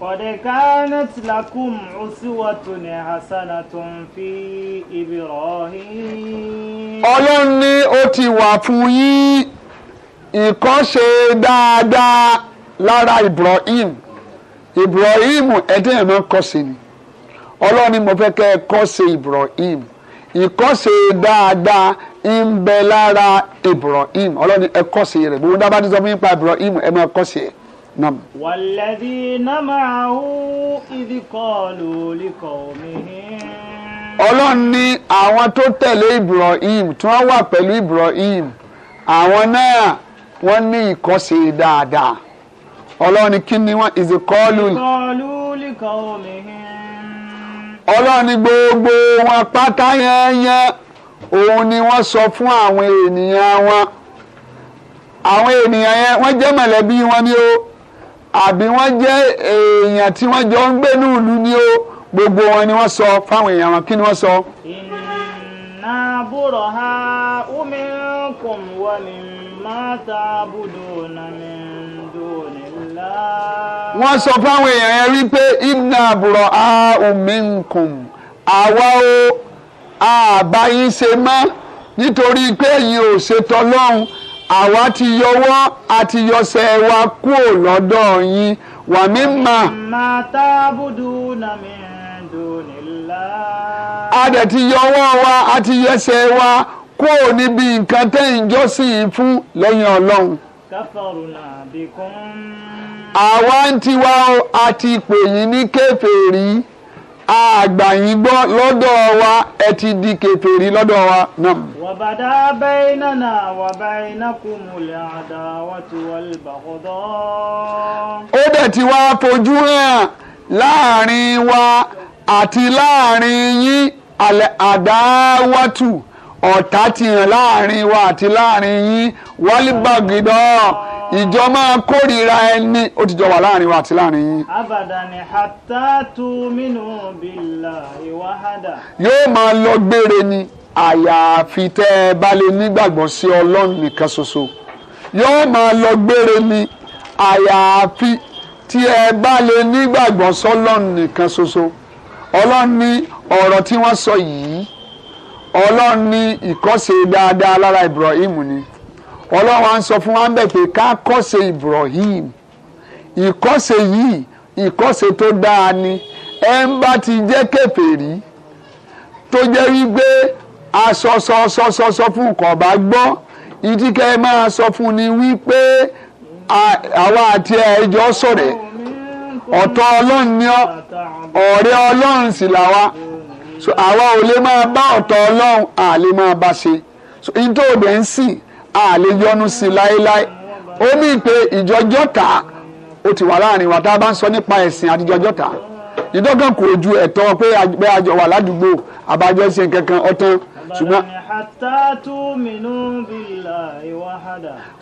[SPEAKER 1] kọ́dí kánàtì lakum uswatun hasanatun fi Ibrahim.
[SPEAKER 2] ọlọ́run ní ó ti wà fún yín ìkọ́ṣe dáadáa lára Ibrahim. Ibrahim ẹ̀dẹ́ ẹ̀ máa ń kọ́ṣe ni Ọlọ́run mo fẹ́ kẹ́ ẹ kọ́ṣe Ibrahim ìkọ́ṣe dáadáa ń bẹ lára Ibrahim Ọlọ́run ni ẹ kọ́ṣe rẹ̀ gbogbo dábàá ti sọ fún yín pa Ibrahim ẹ máa kọ́ṣe ẹ̀. نعم
[SPEAKER 1] والذين معه إذ قالوا لقومهم
[SPEAKER 2] ọlọ́run ní àwọn tó tẹ̀lé Ibrahim tí wọ́n wà pẹ̀lú Ibrahim àwọn náà wọ́n ní ìkọ́ṣe dáadáa ọlọ́run kí ni wọ́n ìsì kọ́ọ̀lù. ọlọ́run gbogbo wọn pátá yẹnyẹn òun ni wọ́n sọ fún àwọn ènìyàn wọn àwọn ènìyàn yẹn wọ́n jẹ́ mọ̀lẹ́bí wọn ni ó àbí wọ́n jẹ́ èèyàn tí wọ́n jọ ń gbé ní ìlú ni ó gbogbo wọn ni wọ́n sọ fáwọn èèyàn wọn kí ni wọ́n sọ.
[SPEAKER 1] inna buraha minkum wa mimma ta'buduna min.
[SPEAKER 2] wọ́n sọ fáwọn èèyàn yẹn wípé iná àbúrò a omi nkùn àwa o àbá yín ṣe mọ́ nítorí pé ẹ̀yin ò ṣètò lọ́hùn àwa ti yọwọ́ àti yọsẹ̀ wa kúò lọ́dọ̀ yín wà mí mà.
[SPEAKER 1] màtá a dẹ̀ ti yọwọ́ wa àti yẹsẹ̀ wa
[SPEAKER 2] kúò níbi nǹkan tẹ́ ń jọ́sìn fún lẹ́yìn ọlọ́run.
[SPEAKER 1] káfọ́rù nàbí kún
[SPEAKER 2] àwa ń tiwa o a ti pè yín ní kèfèrí àgbà yín gbọ́ lọ́dọ̀ wa ẹ ti di kèfèrí lọ́dọ̀ wa náà.
[SPEAKER 1] wàbàdà bẹ́ẹ̀nàna wàbẹ́ẹ̀nàkùnmùl àdáwàtú wàlbàkọ́dọ́.
[SPEAKER 2] ó dẹ̀ ti wá fojú hàn láàrin wa àti láàrin yín àdáwàtú ọ̀tá ti hàn láàrin wa àti láàrin yín wàlbàkọ́dọ́ ìjọ máa kórìíra ẹni ó ti jọ wà láàrin wa àti láàrin yín.
[SPEAKER 1] abàdàní hatta tu'minu billahi wahada.
[SPEAKER 2] yóò máa lọ gbére ni àyàfi tẹ́ ẹ bá lè nígbàgbọ́ sí ọlọ́run nìkan ṣoṣo yóò máa lọ gbére ni àyàfi tí ẹ bá lè nígbàgbọ́ sọ́lọ́run nìkan ṣoṣo ọlọ́run ní ọ̀rọ̀ tí wọ́n sọ yìí ọlọ́run ní ìkọ́sẹ̀ dáadáa lára Ibrahim ni ọlọ́run á sọ fún wa ń bẹ̀ pé ká kọ́ṣe Ibrahim ìkọ́ṣe yìí ìkọ́ṣe tó dáa ni ẹ ń bá ti jẹ́ kèfèrí tó jẹ́ wípé asọ̀sọ̀sọ̀sọ̀ fún kàn bá gbọ́ ìdí máa sọ fún ni wípé àwa àti ẹjọ́ ṣọ̀rẹ́ ọ̀tọ̀ ọlọ́run ni ọ̀rẹ́ ọlọ́run sì làwa àwa ò lè máa bá ọ̀tọ̀ ọlọ́run à lè máa bá ṣe nítorí ń sìn a yọnu sí láéláé ó ní pé ìjọjọ́ ó ti wà láàrin wa tá a bá ń sọ nípa ẹ̀sìn àtijọ́jọ́ ta ìdọ́gàn kò ju ẹ̀tọ́ pé pé àjọ wà ládùúgbò àbájọ ṣe kankan ọ̀tán ṣùgbọ́n.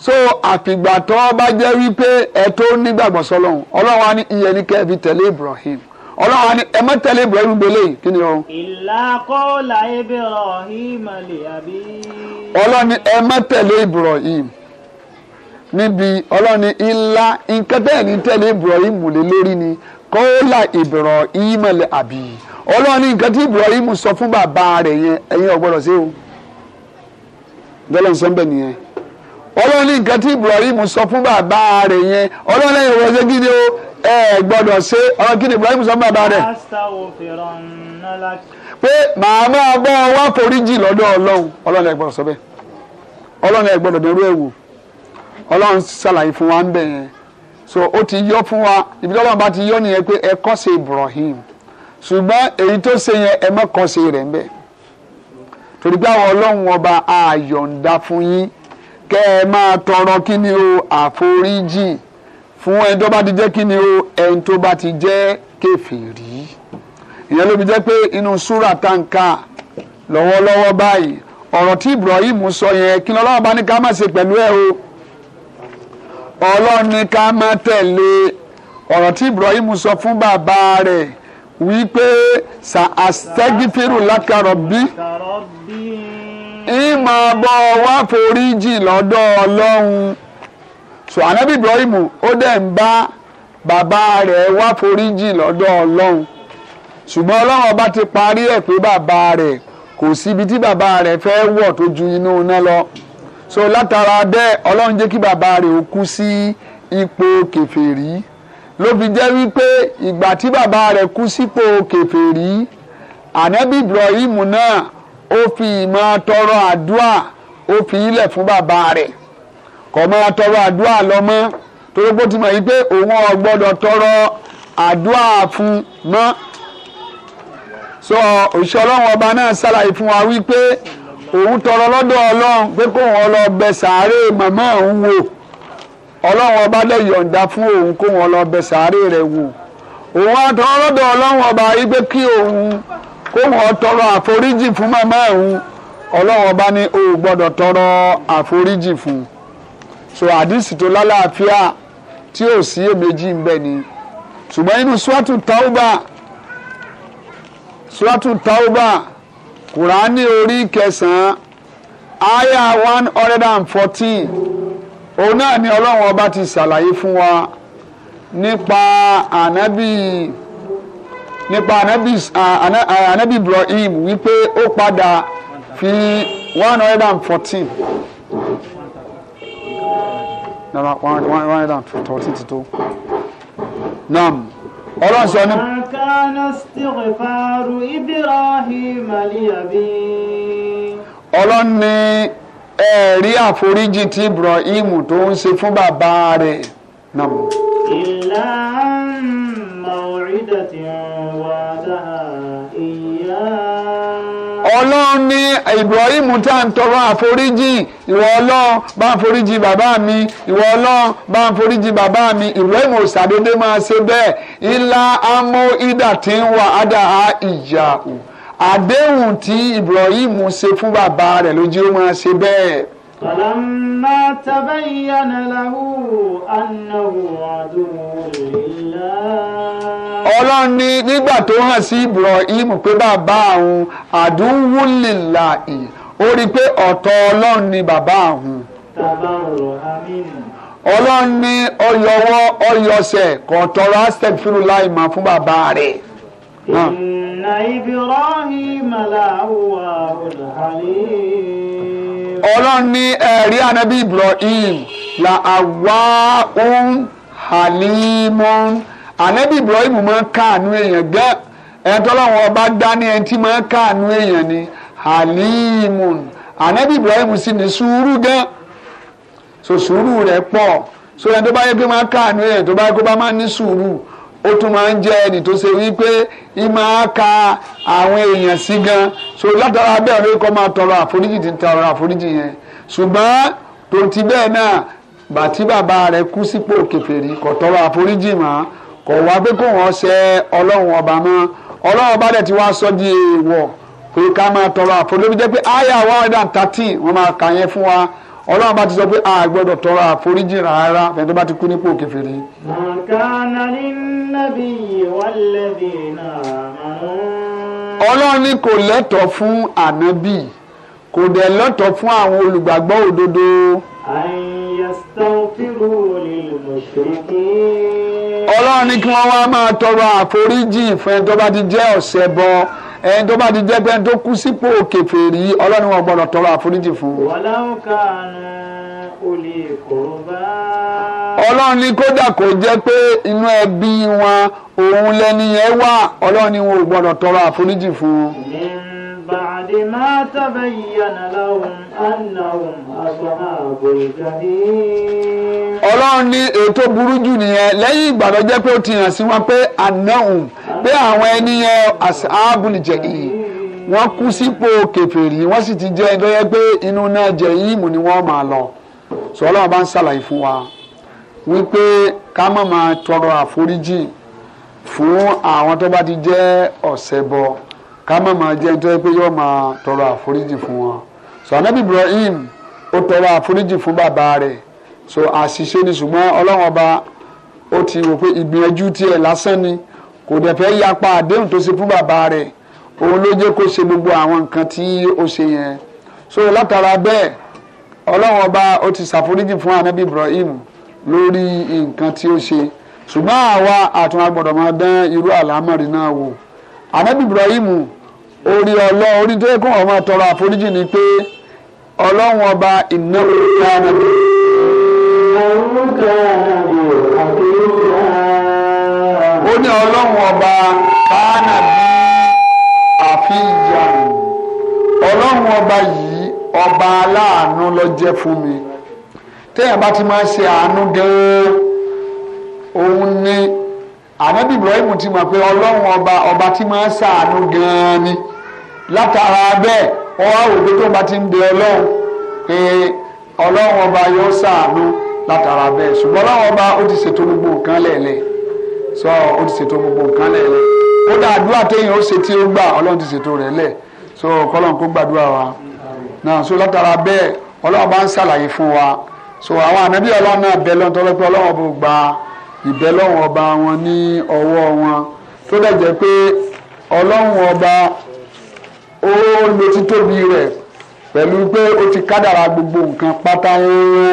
[SPEAKER 2] so àfìgbà tó bá jẹ́ wípé ẹ̀ tó nígbàgbọ́ sọ́lọ́run ọlọ́run á ní ìyẹn ní tẹ̀lé Ibrahim ọlọ́run ni ẹ má tẹ̀lé Ibrahim gbélé kí ni o.
[SPEAKER 1] ìlàkọ́ọ̀lá Ibrahim lè àbí.
[SPEAKER 2] ọlọ́run ni ẹ má tẹ̀lé Ibrahim níbi ọlọ́run ni ńlá nǹkan bẹ́ẹ̀ ni tẹ̀lé Ibrahim lé lórí ni lè àbí ọlọ́run ni nǹkan tí sọ fún bàbá rẹ̀ yẹn ẹ̀yin ọ̀gbọ́dọ̀ sí o ẹ gbọ́dọ̀ ṣe ọ̀rọ̀ kí ni Ibrahim sọ bàbá rẹ̀ pé màá a bọ́ ọ wá foríjì lọ́dọ̀ Ọlọ́run ẹ gbọ́dọ̀ sọ bẹ Ọlọ́run ẹ gbọ́dọ̀ dẹrú ẹ̀wò Ọlọ́run ṣàlàyé fún wa ń so ó ti yọ fún wa ibi tí bá ti pé ẹ Ibrahim èyí tó ṣe yẹn má kọ fún ẹni tó bá ti jẹ́ kí ni o ẹni tó bá ti jẹ́ kèfèrí ìyẹn ló fi jẹ́ pé inú súrà táǹkà lọ́wọ́lọ́wọ́ báyìí ọ̀rọ̀ tí Ibrahim sọ yẹn kí ni ọlọ́run bá ní ká má ṣe pẹ̀lú ẹ o ọlọ́run ní ká má tẹ̀lé ọ̀rọ̀ tí Ibrahim sọ fún bàbá rẹ̀ wípé sa astẹ́gífẹ́rù lákàrọ̀ bí ìmọ̀ ọ̀bọ̀ wá foríjì lọ́dọ̀ ọlọ́run so anabi ibrahim ó dẹ̀ ń bá bàbá rẹ̀ wá foríjì lọ́dọ̀ ọlọ́run ṣùgbọ́n ọlọ́run ọba ti parí ẹ̀ pé bàbá rẹ̀ kò síbi tí bàbá rẹ̀ fẹ́ wọ̀ tó ju inú iná lọ so látara bẹ́ẹ̀ ọlọ́run jẹ́ kí bàbá rẹ̀ ó kú sí ipò kèfèrí ló fi jẹ́ wípé ìgbà tí bàbá rẹ̀ kú sípò kèfèrí ànábì ibrahim náà ó fi ìmọ̀ tọrọ àdúrà ó fi ilẹ̀ fún bàbá rẹ̀ kò máa tọrọ àdúrà lọ mọ́ torí bó ti mọ̀ yìí pé òun ò gbọ́dọ̀ tọrọ àdúrà fún mọ́ so òṣìṣẹ́ ọlọ́run ọba náà ṣàlàyé fún wa wípé òun tọrọ lọ́dọ̀ ọlọ́run pé kóun ọlọ bẹ sàárè màmá òun wò ọlọ́run ọba dẹ̀ yọ̀ǹda fún òun kóun ọlọ bẹ sàárè rẹ̀ wò òun á tọrọ lọ́dọ̀ ọlọ́run ọba yìí pé kí òun kóun ọtọrọ àforíjì fún màmá òun ọlọ́run ọba ní òun gbọ́dọ̀ tọrọ àforíjì fún un so àdìsí tó lálàáfíà tí ò sí èméjì ń bẹ ni ṣùgbọ́n inú suwátù tauba suwátù tauba kùránì orí kẹsàn-án aya one hundred and fourteen òun náà ni ọlọ́run ọba ti ṣàlàyé fún wa nípa ànábì nípa ànábì ànábì Ibrahim wípé ó padà fi one hundred and fourteen náà one hundred and fourteen ti tó. nam ọlọ́run sọ ní.
[SPEAKER 1] kàkánà istighfaru Ibrahim
[SPEAKER 2] àforíjì tí Ibrahim tó ń ṣe fún bàbá rẹ̀ nam. ìlànà
[SPEAKER 1] maw'idatin wa'adaha
[SPEAKER 2] ọlọ́run ní Ibrahim tá à ń tọrọ àforíjì ìwọ ọlọ́run bá ń foríjì bàbá mi ìwọ ọlọ́run bá ń foríjì bàbá mi Ibrahim ò ṣàdédé máa ṣe bẹ́ẹ̀ ilá amó ìdà tí ń wà á dà á ìyà àdéhùn tí Ibrahim ṣe fún bàbá rẹ̀ lójú ó máa ṣe bẹ́ẹ̀. فلما
[SPEAKER 1] تبين له أنه عدو لله
[SPEAKER 2] ọlọ́run nígbà tó hàn sí Ibrahim pé bàbá àwọn àdúwúlìlà yìí ó rí i pé ọ̀tọ̀ ọlọ́run ni bàbá àwọn. ọlọ́run ní ọyọwọ́ ọyọsẹ̀ Aztec astagfiru láì máa fún bàbá rẹ̀.
[SPEAKER 1] inna Ibrahim
[SPEAKER 2] làwọn
[SPEAKER 1] àlè.
[SPEAKER 2] ọlọ́run ní ẹ̀rí ànábì Ibrahim la àwa ń hàlímọ́ ànábì Ibrahim máa ń káànú èèyàn gẹ́ ẹ̀ńtọ́lọ́wọ́n ọba dání ẹni tí máa ń káànú èèyàn ni hàlímọ́ ànábì Ibrahim sì ní sùúrù gan so sùúrù rẹ̀ pọ̀ so ẹni tó bá yẹ pé máa káànú èèyàn tó bá yẹ kó bá máa ní sùúrù ó tún máa ń jẹ́ ẹni tó ṣe wípé í máa ka àwọn èèyàn sí gan so látara bẹ́ẹ̀ ló kọ́ máa tọrọ àforíjì ti tọrọ àforíjì yẹn ṣùgbọ́n tó ti bẹ́ẹ̀ náà bàtí bàbá rẹ̀ kú sípò kèfèrí kò tọrọ àforíjì mọ́ kò wá pé kò wọ́n ṣe ọlọ́run ọba mọ́ ọlọ́run ọba dẹ̀ ti wá sọ di èèwọ̀ pé ká máa tọrọ àforíjì ló fi jẹ́ pé àyà one hundred and wọ́n máa kà yẹn fún wa ọlọ́run bá ti sọ pé a gbọ́dọ̀ tọrọ àforíjì rárá fẹ́ tó bá ti kú nípò kèfèrí. ọlọ́run ní kò lẹ́tọ̀ọ́ fún ànábì kò dẹ̀ lẹ́tọ̀ọ́ fún àwọn olùgbàgbọ́ òdodo. ọlọ́run ní kí wọ́n wá máa tọrọ àforíjì fẹ́ tó bá ti jẹ́ ọ̀sẹ̀ bọ́. ẹni tó bá di jẹ́ pé ẹni tó kú sípò kèfèrí wọn gbọ́dọ̀ tọrọ àforíjì fún un. ọlọ́run ní kódà kò jẹ́ pé inú ẹbí wọn òun lẹni wà ọlọ́run ni wọn gbọ́dọ̀ tọrọ àforíjì fún un.
[SPEAKER 1] بعد ما تبين لهم أنهم أصحاب
[SPEAKER 2] الجحيم. ọlọ́run ní ètò burú jù nìyẹn lẹ́yìn ìgbà tó jẹ́ pé ó ti hàn sí wọn pé anahun pé àwọn ẹni yẹn asahabul jahim wọ́n kú sípò kèfèrí wọ́n sì ti jẹ́ ẹni tó yẹ pé inú náà jẹ̀yìmù ni wọ́n máa lọ sọ ọlọ́run bá ń ṣàlàyé fún wa wípé ká má máa tọrọ àforíjì fún àwọn tó bá ti jẹ́ ọ̀sẹ̀ bọ̀ ká má máa jẹ́ nítorí pé yóò máa tọrọ àforíjì fún wọn so anabi ibrahim ó tọrọ àforíjì fún bàbá rẹ̀ so àṣìṣe ni ṣùgbọ́n ọlọ́run ọba ó ti wò pé ìgbìyànjú tiẹ̀ lásán ni kò dẹ̀ fẹ́ yapa àdéhùn tó ṣe fún bàbá rẹ̀ òun ló jẹ́ kó ṣe gbogbo àwọn nǹkan tí ó ṣe yẹn so látara bẹ́ẹ̀ ọlọ́run ọba ó ti ṣàforíjì fún anabi ibrahim lórí nǹkan tí ó ṣe ṣùgbọ́n àwa àtúnwá gbọ́dọ̀ máa dán irú àlámọ̀rí náà wò anabi ibrahim orí ọlọ́run orí tó yẹ kó wọn máa tọrọ àforíjì ni pé ọlọ́run ọba iná kánà. ó ní ọlọ́run ọba kánà bí àfihàn ọlọ́run ọba yìí ọba aláàánú ló jẹ́ fún mi téèyàn bá ti máa ṣe àánú gan òun ni ànábì Ibrahim ti mọ̀ pé ọlọ́run ọba ọba tí máa ń ṣàánú gan-an ni látara bẹ́ẹ̀ wọ́n á òde tó bá ti ń bẹ ọlọ́run pé ọlọ́run ọba yóò ṣàánú látara bẹ́ẹ̀ ṣùgbọ́n ọlọ́run ọba ó ti ṣètò gbogbo nǹkan lẹ́ẹ̀lẹ́ sọ ó ti ṣètò gbogbo nǹkan lẹ́ẹ̀lẹ́ ó dá àdúrà téèyàn ó ṣe tí ó gbà ọlọ́run ti ṣètò rẹ̀ lẹ̀ so kọ́lọ́n kó gbàdúrà wa náà so látara bẹ́ẹ̀ ọlọ́run bá ń ṣàlàyé fún wa so àwọn ànábì ọlọ́run náà bẹ lọ́n ìbẹ́lọ́wọ̀n ọba wọn ní ọwọ́ wọn tó dẹ̀ jẹ́ pé ọlọ́run ọba ó lo títóbi rẹ̀ pẹ̀lú pé ó ti kádàrà gbogbo nǹkan pátá ńlọ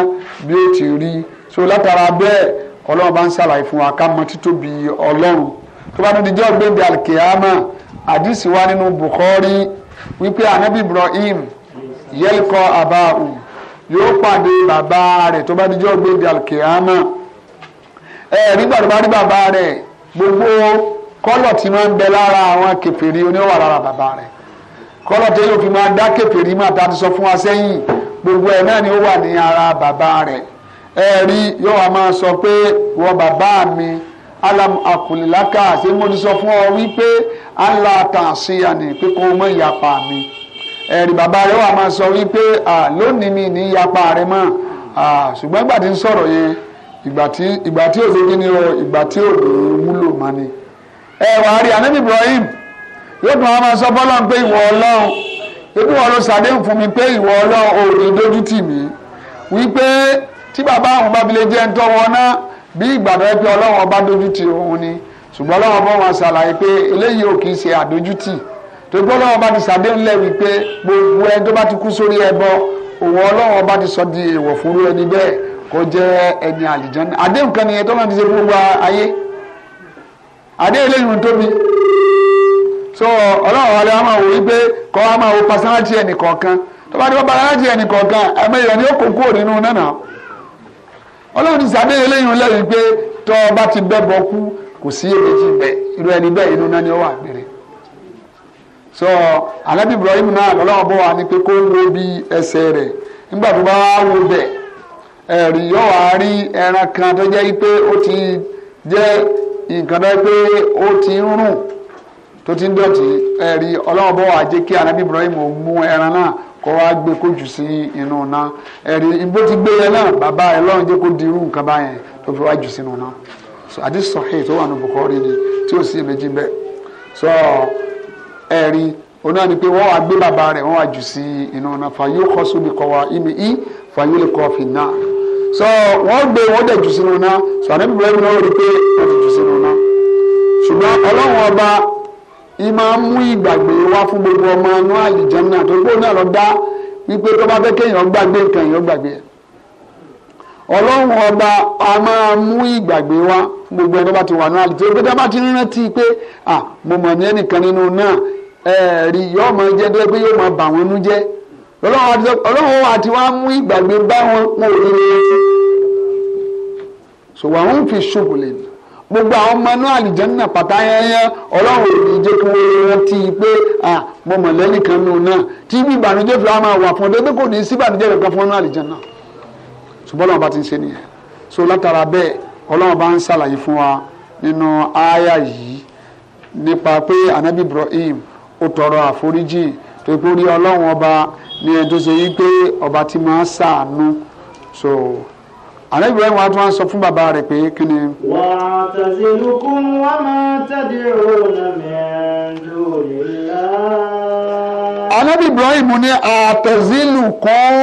[SPEAKER 2] bí ó ti rí so látara bẹ́ẹ̀ ọlọ́run bá ń ṣàlàyé fún wa ká mọ títóbi ọlọ́run tó bá ní di jẹ́ ògbéǹde alkiyama àdìsí wa nínú Bukhari wípé anabi Ibrahim yẹ́lkọ́ àbáhùn yóò pàdé bàbá rẹ̀ tó bá di jẹ́ ògbéǹde alkiyama ẹ̀rí gbàdúrà rí bàbá rẹ̀ gbogbo kọ́lọ̀ tí máa ń bẹ lára àwọn kèfèrí oníwà lára bàbá rẹ̀ kọ́lọ̀ tí yóò fi máa dá kèfèrí máa ta ti sọ fún wa sẹ́yìn gbogbo ẹ̀ náà ni ó wà ní ara bàbá rẹ̀ ẹ̀rí yóò wá máa sọ pé wọ bàbá mi alam akulilaka ṣé mo ti sọ fún ọ wípé allah tàn sí àná pé kó ìyapa mi ẹ̀rí bàbá rẹ̀ wà máa sọ wípé lónìí mi ní ìyapa rẹ̀ mọ́ ṣùgbọ́n ìgbà ń sọ̀rọ̀ yẹn ìgbà tí ìgbà tí ni o ìgbà tí òde wúlò má ni. ẹ wà á rí anabi Ibrahim
[SPEAKER 1] yóò tún wá máa sọ bọ́lá ń pé ìwọ
[SPEAKER 2] Ọlọ́run ebi wọn ló ṣàdéhùn fún mi pé ìwọ Ọlọ́run ò ní dójú tì mí wípé tí bàbá àwọn bá bilẹ̀ jẹ́ ń tọ́wọ́ náà bí ìgbà tó yẹ pé Ọlọ́run ọba dójú tì òun ni ṣùgbọ́n Ọlọ́run bá wọn ṣàlàyé pé eléyìí ò kì í ṣe àdójútì tó gbọ́ Ọlọ́run bá ti ṣàdéhùn lẹ̀ wípé gbogbo ẹni tó bá ti kú sórí ẹbọ òun Ọlọ́run bá ti sọ di èèwọ̀ fúnrú ẹni bẹ́ẹ̀ kó jẹ́ ẹni àlìjọ́nà àdéhùn kan nìyẹn tó máa ń ṣe gbogbo ayé àdéhùn eléyìí tóbi so ọlọ́run wa lè wá máa wò wípé kọ́ wa máa wo personality ẹnì kọ̀ọ̀kan tó bá dé wọ́n personality ẹnì kọ̀ọ̀kan ẹ̀mẹ́ ìyọ̀ ni ó kó kúrò nínú nánà ọlọ́run ti sàdéhùn eléyìí lẹ́yìn pé tọ́ ọ bá ti bẹ́ bọ́ kú kò sí èjì bẹ́ irú ẹni bẹ́ẹ̀ inú náà ni ó wà gbére so alábìbrọ̀ ìmúná ọlọ́run bọ́ wa ni pé kó ń wo bí ẹsẹ̀ rẹ̀ nígbà tó bá wo bẹ́ẹ̀ ẹ̀rí yọ wá rí ẹran kan tó jẹ́ pé ó ti jẹ́ nǹkan tó pé ó ti ń rùn tó ti ń dọ̀tí ẹ̀rí ọlọ́run bọ́ wá jẹ́ kí anabi Ibrahim ò mú ẹran náà kó wá gbé kó jù sí inú ọ̀nà. ẹ̀rí ibo ti gbé yẹn náà bàbá ẹ̀ lọ́run jẹ́ kó di irú nǹkan báyẹn tó fi wá jù sínú iná àti sọ̀hìn tó wà ní Bukhari ni tí ò sí èméjì bẹ́ẹ̀ sọ ẹ̀rí ni pé wọ́n wá gbé bàbá rẹ̀ wọ́n wá jù sí inú iná fàyè sóbi kọ́ wa ìmì í fàyè lè So wọ́n gbé wọ́n dẹ̀ jù sínú iná sọ ànábì Ibrahim náà rí i pé wọ́n ti jù sínú iná ṣùgbọ́n ọlọ́run ọba yìí máa ń mú ìgbàgbé wá fún gbogbo ọmọ inú àlìjẹ́nà tó gbóhùn náà lọ dá wípé tó bá fẹ́ kéèyàn gbàgbé nǹkan èèyàn gbàgbé ẹ̀ ọlọ́run ọba a máa mú ìgbàgbé wá fún gbogbo ẹni tó bá ti wà náà àlìjẹ́ tó bá ti rántí pé mo mọ̀ ní ẹnìkan nínú náà ẹ̀ẹ́rì yóò máa jẹ́ dé pé yóò máa bà wọ́n nú jẹ́ ọlọ́run àti wá mú ìgbàgbé bá wọn pọ̀ nílé so wà ń fi ṣògùlẹ̀ gbogbo àwọn ọmọ náà àlìjẹ́nà pàtà yẹnyẹn ọlọ́run ò ní jẹ́ kí wọ́n rántí pé mo mọ̀ lẹ́yìn kan nù náà tí bí ìbànújẹ́ fi wá máa wà fún ọ dédé kò ní sí ìbànújẹ́ kankan fún ọ náà ṣùgbọ́n ọlọ́run bá ti ń ṣe nìyẹn so látara bẹ́ẹ̀ ọlọ́run bá ń ṣàlàyé fún wa nínú àyà yìí nípa pé anabi Ibrahim ó tọrọ àforíjì tó pé ó rí ọlọ́run ọba ní ẹni tó ṣe yí pé ọba tí máa ṣàánú so àlẹ́ ìgbà wọn tún wá sọ fún bàbá rẹ̀ pé kí ni. wà
[SPEAKER 1] á tẹ̀sí lukùn wà máa tẹ̀dí òun mẹ́ẹ̀ẹ́dù nílá.
[SPEAKER 2] Ànábì Ibrahim ní àtẹ̀sílù kan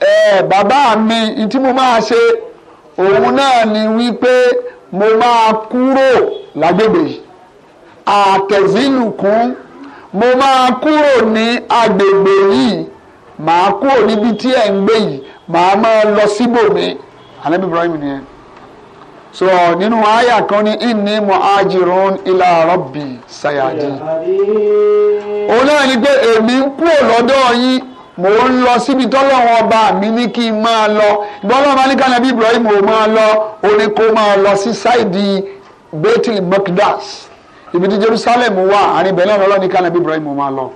[SPEAKER 2] ẹ bàbá mi tí mo máa ṣe òun náà ni wípé mo máa kúrò lágbègbè àtẹ̀sílù kan mo máa kúrò ní agbègbè yìí màá kúrò níbi tí ẹ̀ ń gbé yìí màá máa lọ síbòmí anabi ibrahim nìyẹn so nínú àyà kan ní inni muhajirun ila rabbi sayadi òun náà ni pé èmi ń kúrò lọ́dọ̀ yín mò ń lọ síbi tọ́lọ́wọ́n ọba mi ní kí n máa lọ ìgbọ́lọ́ máa ní ká nàbí ibrahim ò máa lọ ó ní kó máa lọ sí sáìdì betil mokdas ibi tí Jerusalem wà àárín bẹ̀rẹ̀ náà lọ́lọ́ni kánà bí Ibrahim máa lọ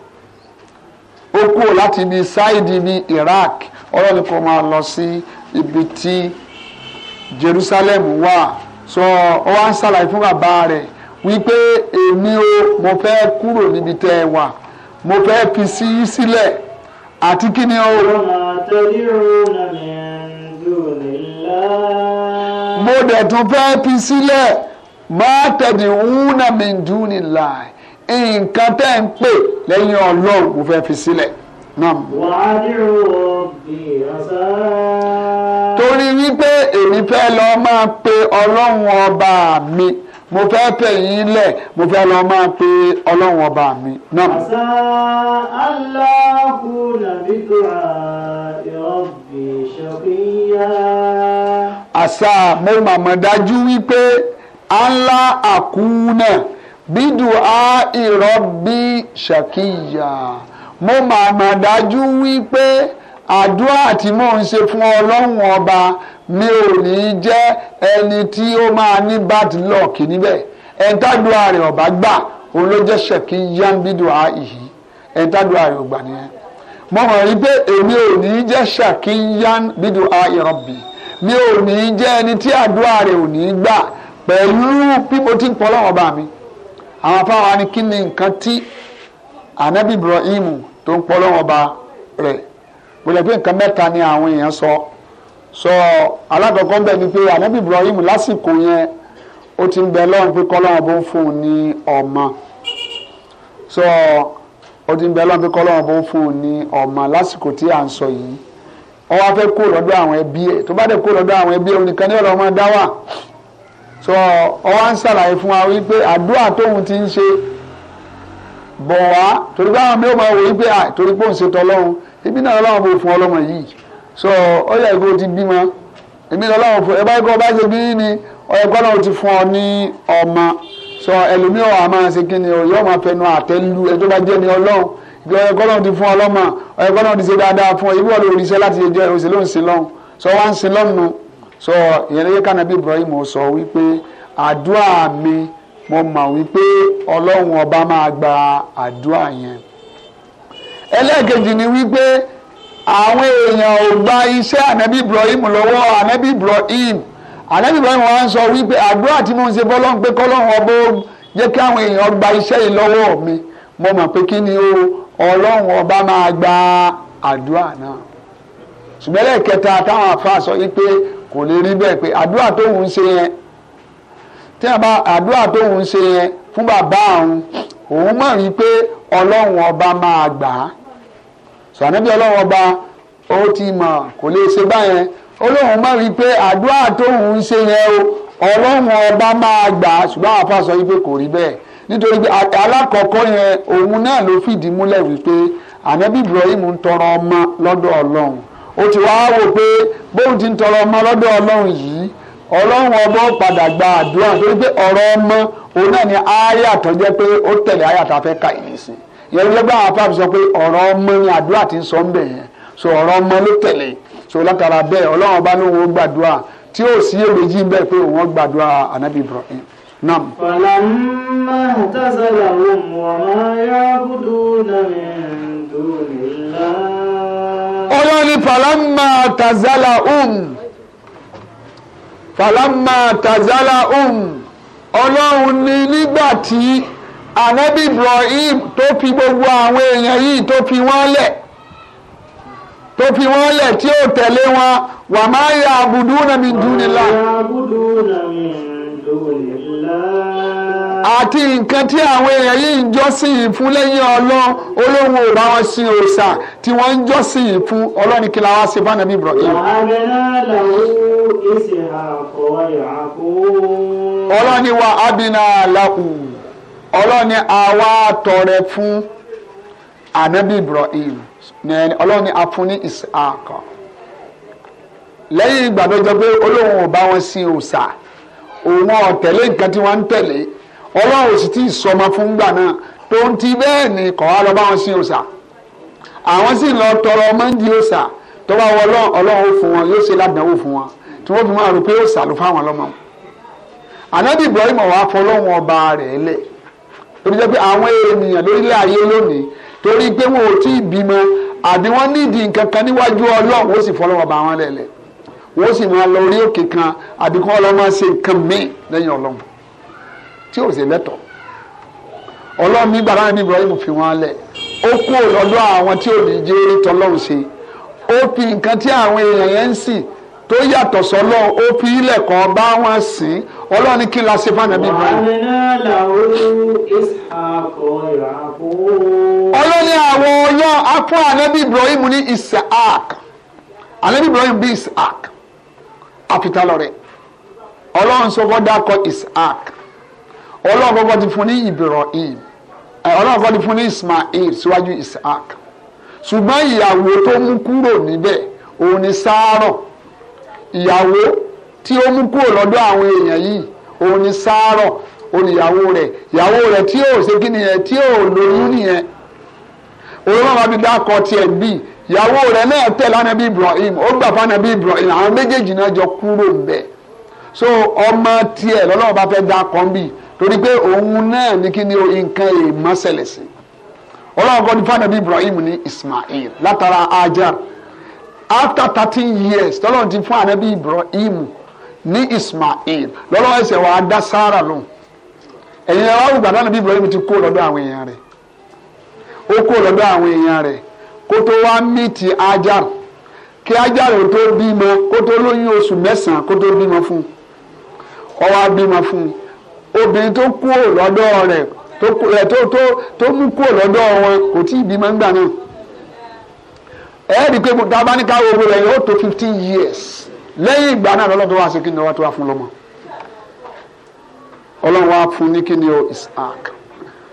[SPEAKER 2] ó kúrò láti ibi sáìdì ní Iraq ọlọ́ni kò máa lọ sí ibi tí Jerusalem wà sọ ọ wá ń ṣàlàyé fún bàbá rẹ̀ wípé èmi o mo fẹ́ kúrò níbi tẹ́ ẹ wà mo fẹ́ fi sí sílẹ̀ àti kí ni o. mo dẹ̀ tún fẹ́ fi sílẹ̀ máa tẹ̀dí wúnà mi dùn ní láì nǹkan tẹ́ ń pè lẹ́yìn ọlọ́run mo fẹ́ fi sílẹ̀ náà.
[SPEAKER 1] wàá dìrò bí àṣà.
[SPEAKER 2] torí wípé èmi fẹ́ lọ máa pe ọlọ́run ọba mi mo fẹ́ pè yín lẹ̀ mo fẹ́ lọ máa pe ọlọ́run ọba mi náà.
[SPEAKER 1] àṣà aláàbò nàbíkọ́ ìrọ̀bì ṣọ̀kìyà.
[SPEAKER 2] àṣà mo màmọ́ dájú wípé anla àkúnà bidua á ìrọbí ṣàkíyà mo máa mà dájú wípé àdúrà tí mò ń ṣe fún ọlọ́run ọba mi ò ní jẹ́ ẹni tí ó máa ní bad luck níbẹ̀ ẹ̀ńtàdúrà rẹ̀ ọ̀bá gbà òun ló jẹ́ ṣàkíyàn bídù á ìhì ẹ̀ńtàdúrà rẹ̀ ọ̀gbà nìyẹn mo mọ̀ rí pé èmi ò ní jẹ́ ṣàkíyàn bídù á ìrọ̀bì mi ò ní jẹ́ ẹni tí àdúrà rẹ̀ ò ní gbà pẹ̀lú bí ti ń pọ̀ ọba mi àwọn afáwa ni kí ni nǹkan tí anabi Ibrahim tó ń pọ̀ lọ́wọ́ rẹ̀ pé nǹkan mẹ́ta ni àwọn èèyàn sọ sọ alákọ̀ọ́kọ́ bẹ́ẹ̀ ni pé anabi Ibrahim lásìkò yẹn ó ti ń bẹ lọ́run pé kọ́lọ́run bó ń fún un ní ti ń bẹ lọ́run pé kọ́lọ́run bó ń fún un ní ọmọ lásìkò tí à ń sọ yìí wá fẹ́ kó lọ́dọ̀ àwọn ẹbí sọ ọ wá ń ṣàlàyé fún wa wípé àdúrà tóun ti ń ṣe bọ̀ wá torí pé àwọn mìíràn máa wò wípé à torí pé òun ṣètò ọlọ́run ibi náà ọlọ́run bò fún ọlọ́mọ yìí sọ ọ yẹ kó ti bímọ èmi náà ọlọ́run fún ẹ báyìí kó o bá ṣe bí ní ọyẹ kó ọlọ́run ti fún ọ ní ọmọ sọ ẹlòmíràn àmọ́ ṣe kí ni yóò máa fẹnu àtẹ́lu ẹ tó bá jẹ́ ní ọlọ́run ìgbà ọyẹ kó ọlọ́run ti fún ọlọ́mọ ọyẹ kó ọlọ́run ti ṣe dáadáa fún ọ ìwọ lórí iṣẹ́ láti ṣe jẹ́ òṣèlú òṣèlú sọ wá ń ṣe lọ́nu so ìyẹn lóye kànábì Ibrahim sọ wípé àdúrà mi mo mọ̀ wípé ọlọ́run ọba máa gba àdúrà yẹn ẹlẹ́ẹ̀kejì ni wípé àwọn èèyàn ò gba iṣẹ́ ànábì Ibrahim lọ́wọ́ ànábì Ibrahim ànábì Ibrahim wa ń sọ wípé àdúrà tí mo ń ṣe bọ́lọ́run pé kọ́lọ́run ọba ó jẹ́ kí àwọn èèyàn gba iṣẹ́ yìí lọ́wọ́ mi mo mọ̀ pé kí ni o ọlọ́run ọba máa gba àdúrà náà ṣùgbọ́n ẹlẹ́ẹ̀kẹta táwọn àfa sọ wípé kò lè rí bẹ́ẹ̀ pé àdúrà tó ń ṣe yẹn tí a bá àdúrà tó ń ṣe yẹn fún bàbá àwọn òun mọ̀ rí pé ọlọ́run ọba máa gbà á sànẹ́bí ọlọ́run ọba ó ti mọ̀ kò lè ṣe báyẹn ọlọ́run mọ̀ rí pé àdúrà tó ń ṣe yẹn o ọlọ́run ọba máa gbà á ṣùgbọ́n àfa sọ wípé kò rí bẹ́ẹ̀ nítorí pé alákọ̀ọ́kọ́ yẹn òun náà ló fìdí múlẹ̀ wípé ànẹ́bí Ibrahim ń tọrọ ọmọ lọ́dọ̀ ọlọ́run ó ti wáá wò pé bóun ti ń tọrọ ọmọ lọ́dọ̀ ọlọ́run yìí ọlọ́run ọmọ padà gba àdúrà torí pé ọ̀rọ̀ ọmọ òun náà ni àyà tó jẹ́ pé ó tẹ̀lé àyà tá a fẹ́ ka yìí sí ìyẹn ló gbà àpá sọ pé ọ̀rọ̀ ọmọ ni àdúrà ti ń sọ ń bẹ̀ yẹn so ọ̀rọ̀ ọmọ ló tẹ̀lé so látara bẹ́ẹ̀ ọlọ́run ọba ló ń wo gbàdúrà tí ó sì èrèjì bẹ́ẹ̀ pé òun gbàdúrà anabi Ibrahim nam ọlọ́ni falama tazala um falama tazala um ọlọ́run ní nígbà tí ànábì Ibrahim tó fi gbogbo àwọn èèyàn yìí tó fi wọ́n lẹ̀ tó fi wọ́n lẹ̀ tí ó tẹ̀lé wọn wàmáyà àbùdúnàmídúnilá. wàmáyà àbùdúnàmídúnilá. àti nǹkan tí àwọn èèyàn yìí ń jọ́sìn fún lẹ́yìn ọlọ́run olóhùn ò wọn sin òòṣà tí wọ́n ń jọ́sìn fún ọlọ́run kí la wá ṣe fún ànábì Ibrahim. ọlọ́ni wa abina lahu ọlọ́ni àwa tọrẹ fún ànábì Ibrahim ọlọ́ni afúnni ìsàkọ̀ lẹ́yìn ìgbà tó jẹ́ pé olóhùn ò wọn sin òòṣà òun ọ̀tẹ̀lé nǹkan tí wọ́n ń tẹ̀lé ọlọ́run sì ti sọmọ fún gbà náà tó ń ti bẹ́ẹ̀ ni kọ̀ wá lọ bá wọn sí òòsà àwọn sì lọ tọrọ ọmọ ń di òòsà tó bá wọ ọlọ́run fún wọn yóò ṣe ládàáwò fún wọn tí wọ́n fi máa rò pé òòsà ló fáwọn lọ́mọ. ànábì Ibrahim wà fọlọ́run ọba rẹ̀ lẹ̀ torí jẹ́ pé àwọn ènìyàn lórílẹ̀ ayé lónìí torí pé wọn ò tí ì bímọ àbí wọ́n nídìí nǹkan kan níwájú ọlọ́run wọ́n sì máa tí ò ṣe lẹ́tọ̀ ọlọ́run nígbà láti ní Ibrahim fi wọ́n lẹ̀ ó kú lọ́dọ̀ àwọn tí ò ní jẹ́ tọ́lọ́run ṣe ó fi nǹkan tí àwọn èèyàn yẹn ń sìn tó yàtọ̀ sọ́lọ́ ó fi ilẹ̀ kan bá wọn sìn ọlọ́run ní kí la ṣe fún ànábì Ibrahim. ọlọ́run ní àwọn ọyọ́ afọ ànábì Ibrahim ní Isaac ànábì Ibrahim bí Isaac àfitalọ́rẹ̀ ọlọ́run sọ fọ́ dákọ̀ Isaac ọlọ́run kọ́kọ́ ti fún ní Ibrahim ọlọ́run kọ́kọ́ ti fún ní Ismail síwájú Isaac ṣùgbọ́n ìyàwó tó mú kúrò níbẹ̀ òun ni sáárọ̀ ìyàwó tí ó mú kúrò lọ́dọ̀ àwọn èèyàn yìí òun ni sáárọ̀ olùyàwó rẹ̀ ìyàwó rẹ̀ tí yóò ṣe kí nìyẹn tí yóò lóyún nìyẹn òun náà dákọ tiẹ̀ bíi ìyàwó rẹ̀ náà tẹ̀lé anabi Ibrahim ó gbà fún anabi Ibrahim àwọn méjèèjì náà jọ kúrò ń bẹ̀ so ọmọ tiẹ̀ lọ́lọ́wọ́ bá fẹ́ dákọ bíi torí pé òun náà ní kí ni o nǹkan èèmọ́ ṣẹlẹ̀ sí ọlọ́run ní fún Ibrahim ní Ismail látara Hajar after thirteen years tọ́lọ́run ti fún ànábì Ibrahim ní Ismail lọ́lọ́wọ́ ẹsẹ̀ wàá dá Sára lọ ẹ̀yin ẹ̀rọ àwùgbà ti kó lọ́dọ̀ àwọn èèyàn rẹ̀ ó kó lọ́dọ̀ àwọn èèyàn rẹ̀ kó tó kí tó bímọ obìnrin tó kúrò lọ́dọ̀ rẹ̀ tó tó tó mú kúrò lọ́dọ̀ wọn kò tí ì bímọ ńgbà náà ẹ̀ẹ́dì pé tabaníkà owó rẹ̀ yóò tó fifteen years lẹ́yìn ìgbà náà lọ́lọ́ tó wá sí kíni ọwọ́ tó wá fún lọ́mọ ọlọ́run wá fún ní kíni o Isaac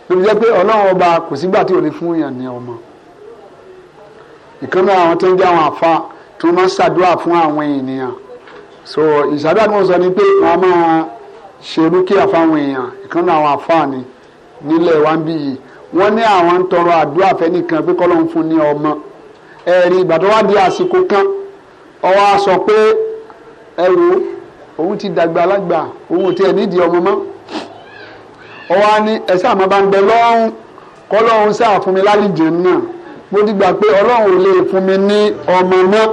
[SPEAKER 2] lóbi jẹ́ pé ọlọ́run ọba kò sígbà tí ò ní fún yàn ní ọmọ ìkànnì àwọn tó ń jẹ́ àwọn àfa tí wọ́n máa ń ṣàdúrà fún àwọn ènìyàn so ìṣàdúrà ni wọ́n sọ ni pé wọ́n máa ṣe rúkìá fáwọn èèyàn ìkan àwọn àfáàní nílẹ̀ wa ń bí yìí wọ́n ní àwọn ń tọrọ àdúrà fẹ́nìkan pé kọ́lọ́hún fún ní ọmọ ẹ̀rí ìgbà tó wá di àsìkò kan ọwọ́ a sọ pé ẹrù òun ti dàgbà lágbà òun ò tiẹ̀ nídìí ọmọ mọ́ ọwọ́ a ní ẹ̀sẹ̀ àmọ́ bá ń bẹ lọ́rùn kọ́lọ́hún sáà fún mi lálejò náà mo ti pé ọlọ́run ò lè fún mi ní ọmọ mọ́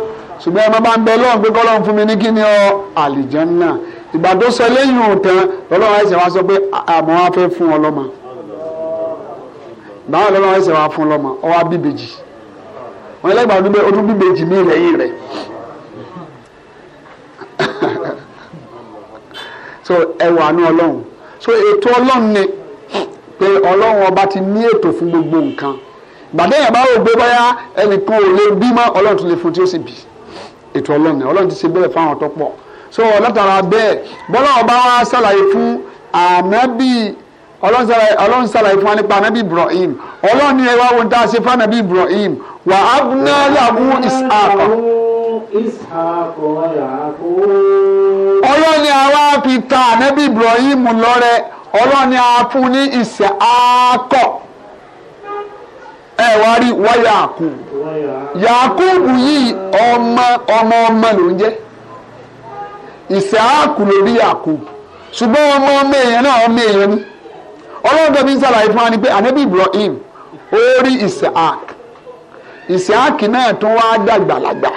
[SPEAKER 2] ṣùgbọ́n ẹ bá ń bẹ lọ́rùn pé kọ́lọ́hún fún mi ní kí ni ọ àlìjànnà náà ìgbà tó sọ lẹ́yìn òtán lọ́lọ́wọ́ ẹ̀sẹ̀ wa sọ pé àmọ́ ah, ah, wa fẹ́ fún ọ lọ́mọ báwọn lọ́lọ́wọ́ ẹ̀sẹ̀ wa fún lọ́mọ ọ wa bíbejì wọn lẹ́gbàá ọdún bẹ́ẹ̀ ọdún bíbejì ní ìrẹ̀yìn rẹ̀ so ẹwà ní ọlọ́run so ètò ọlọ́run ni pé ọlọ́run ọba ti ní ètò fún gbogbo nǹkan gbàdéyàn bá rò gbé báyà ẹnìkan ò lè bímọ ọlọ́run tún lè fún tí ó sì bì ètò ọlọ́run ni ọlọ́run ti ṣe bẹ́ẹ̀ fáwọn tó pọ̀ so látara bẹ́ẹ̀ bọ́lá ọba wa ṣàlàyé fún ànábì ọlọ́run ṣàlàyé fún wa nípa Ibrahim ọlọ́run ni ẹ wá wo dá ṣe fún ànábì Ibrahim wà á ná làwù ìsàkọ. ọlọ́run ni àwa fi ta ànábì Ibrahim lọ́rẹ ọlọ́run ni a fún ní ìsàkọ ẹ wá rí wáyà àkùn yàkùn yìí ọmọ ọmọ ọmọ ló ń jẹ́ ìsáàkù lórí Yakub ṣùgbọ́n ọmọ ọmọ èèyàn náà ọmọ èèyàn ni ọlọ́run tó fi ń ṣàlàyé fún wa ni pé ànábì Ibrahim ó rí ìsáàk ìsáàkì náà tún wá dàgbàlagbà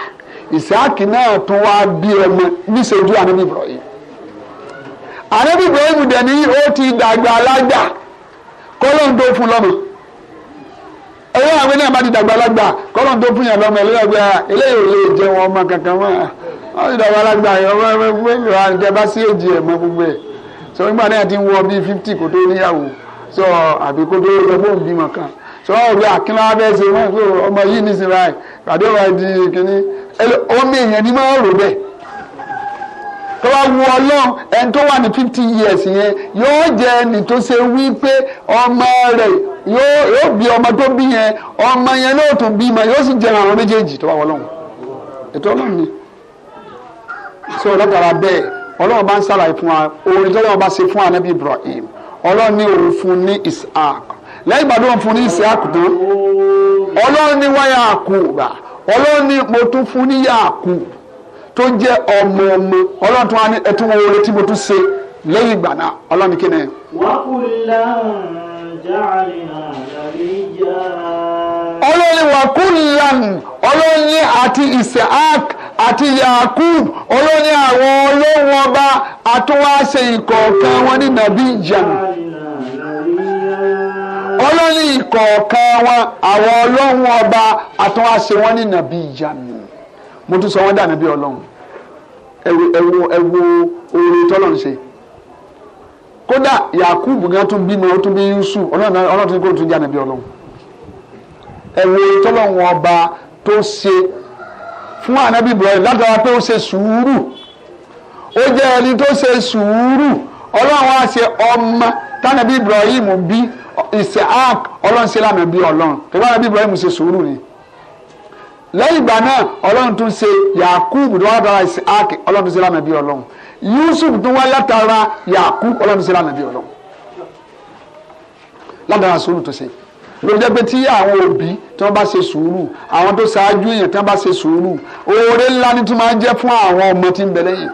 [SPEAKER 2] ìsáàkì náà tún wá bí ọmọ níṣojú ànábì Ibrahim ànábì Ibrahim dẹ̀ ni ó ti dàgbàlagbà kọ́lọ́run tó fún lọ́mọ ẹ̀yọ́ àwọn ènìyàn bá dàgbàlagbà kọ́lọ́run tó fún yàn lọ́mọ ẹ̀lẹ́yàgbẹ́ eléyìí ò lè jẹun ọmọ kankan wọn wọ́n sì dàgbà alágbà yẹn wọ́n fẹ́ fún mi wá níjẹ́ bá sí èjì ẹ̀ mọ́ gbogbo ẹ̀ so nígbà náà ti ń wọ bíi fifty kó tó níyàwó so àbí kó tó lọ bóun bímọ kan so wọ́n rí àkínlá bẹ́ẹ̀ ṣe wọ́n pé ọmọ yìí ní sinra ẹ̀ pàdé wa di kínní ọmọ èèyàn ni máa rò bẹ́ẹ̀ tó wá wu ọlọ́run ẹni tó wà ní fifty years yẹn yóò jẹ́ ẹni tó ṣe wí pé ọmọ rẹ̀ yóò bí ọmọ tó bí yẹn ọmọ yẹn náà tó bímọ yóò sì jẹ́ àwọn méjèèjì tó wà wọ́n lọ́hùn ètò ọlọ́run ni so látara bẹ́ẹ̀ ọlọ́run bá ń ṣàlàyé fún wa orin tọ́lọ́run bá ṣe fún anabi ibrahim ọlọ́run ní òun fún ní isaac lẹ́yìn ìgbà tó ń fún ní isaac tó ọlọ́run ní wá yakuba ọlọ́run ní mo tún fún ní yakub tó jẹ́ ọmọ ọmọ ọlọ́run tó wá ní ẹtún wọn orin tí mo tún ṣe lẹ́yìn ìgbà náà ọlọ́run kí ni. ọlọ́run wà kúlàn ọlọ́run ní àti isaac. àti yakub olóyìn àwọn olóhùn ọba àtúwáṣe ìkọ̀ọ̀kan wọn ní nàbí ìjà ìkọ̀ọ̀kan wọn àwọn olóhùn ọba wọn ní nàbí ìjà mo tún sọ wọn dà nàbí ọlọ́run ẹwo ẹwo ẹwo oore ṣe kódà yakub gan tún bímọ ó tún bí yusuf tún kó tún jà nàbí ọlọ́run ẹwo fún ànábì Ibrahim látara pé ó ṣe sùúrù ó jẹ́ ẹni tó ṣe sùúrù ọlọ́run á ṣe ọmọ tánàbí Ibrahim bí Isaac ọlọ́run ṣe lánàá bí ọlọ́run kẹgbẹ́ ànábì Ibrahim ṣe sùúrù ni lẹ́yìn ìgbà náà ọlọ́run tún ṣe Yakubu tó wá dára Isaac ọlọ́run tún ṣe lánàá bí ọlọ́run Yusuf tún wá látara Yakubu ọlọ́run tún ṣe lánàá bí ọlọ́run látara sùúrù tó ṣe ló jẹ́ pé tí àwọn òbí tí wọ́n bá ṣe sùúrù àwọn tó ṣáájú èèyàn tí wọ́n bá ṣe sùúrù oore ńlá ni tó máa ń jẹ́ fún àwọn ọmọ tí ń bẹ lẹ́yìn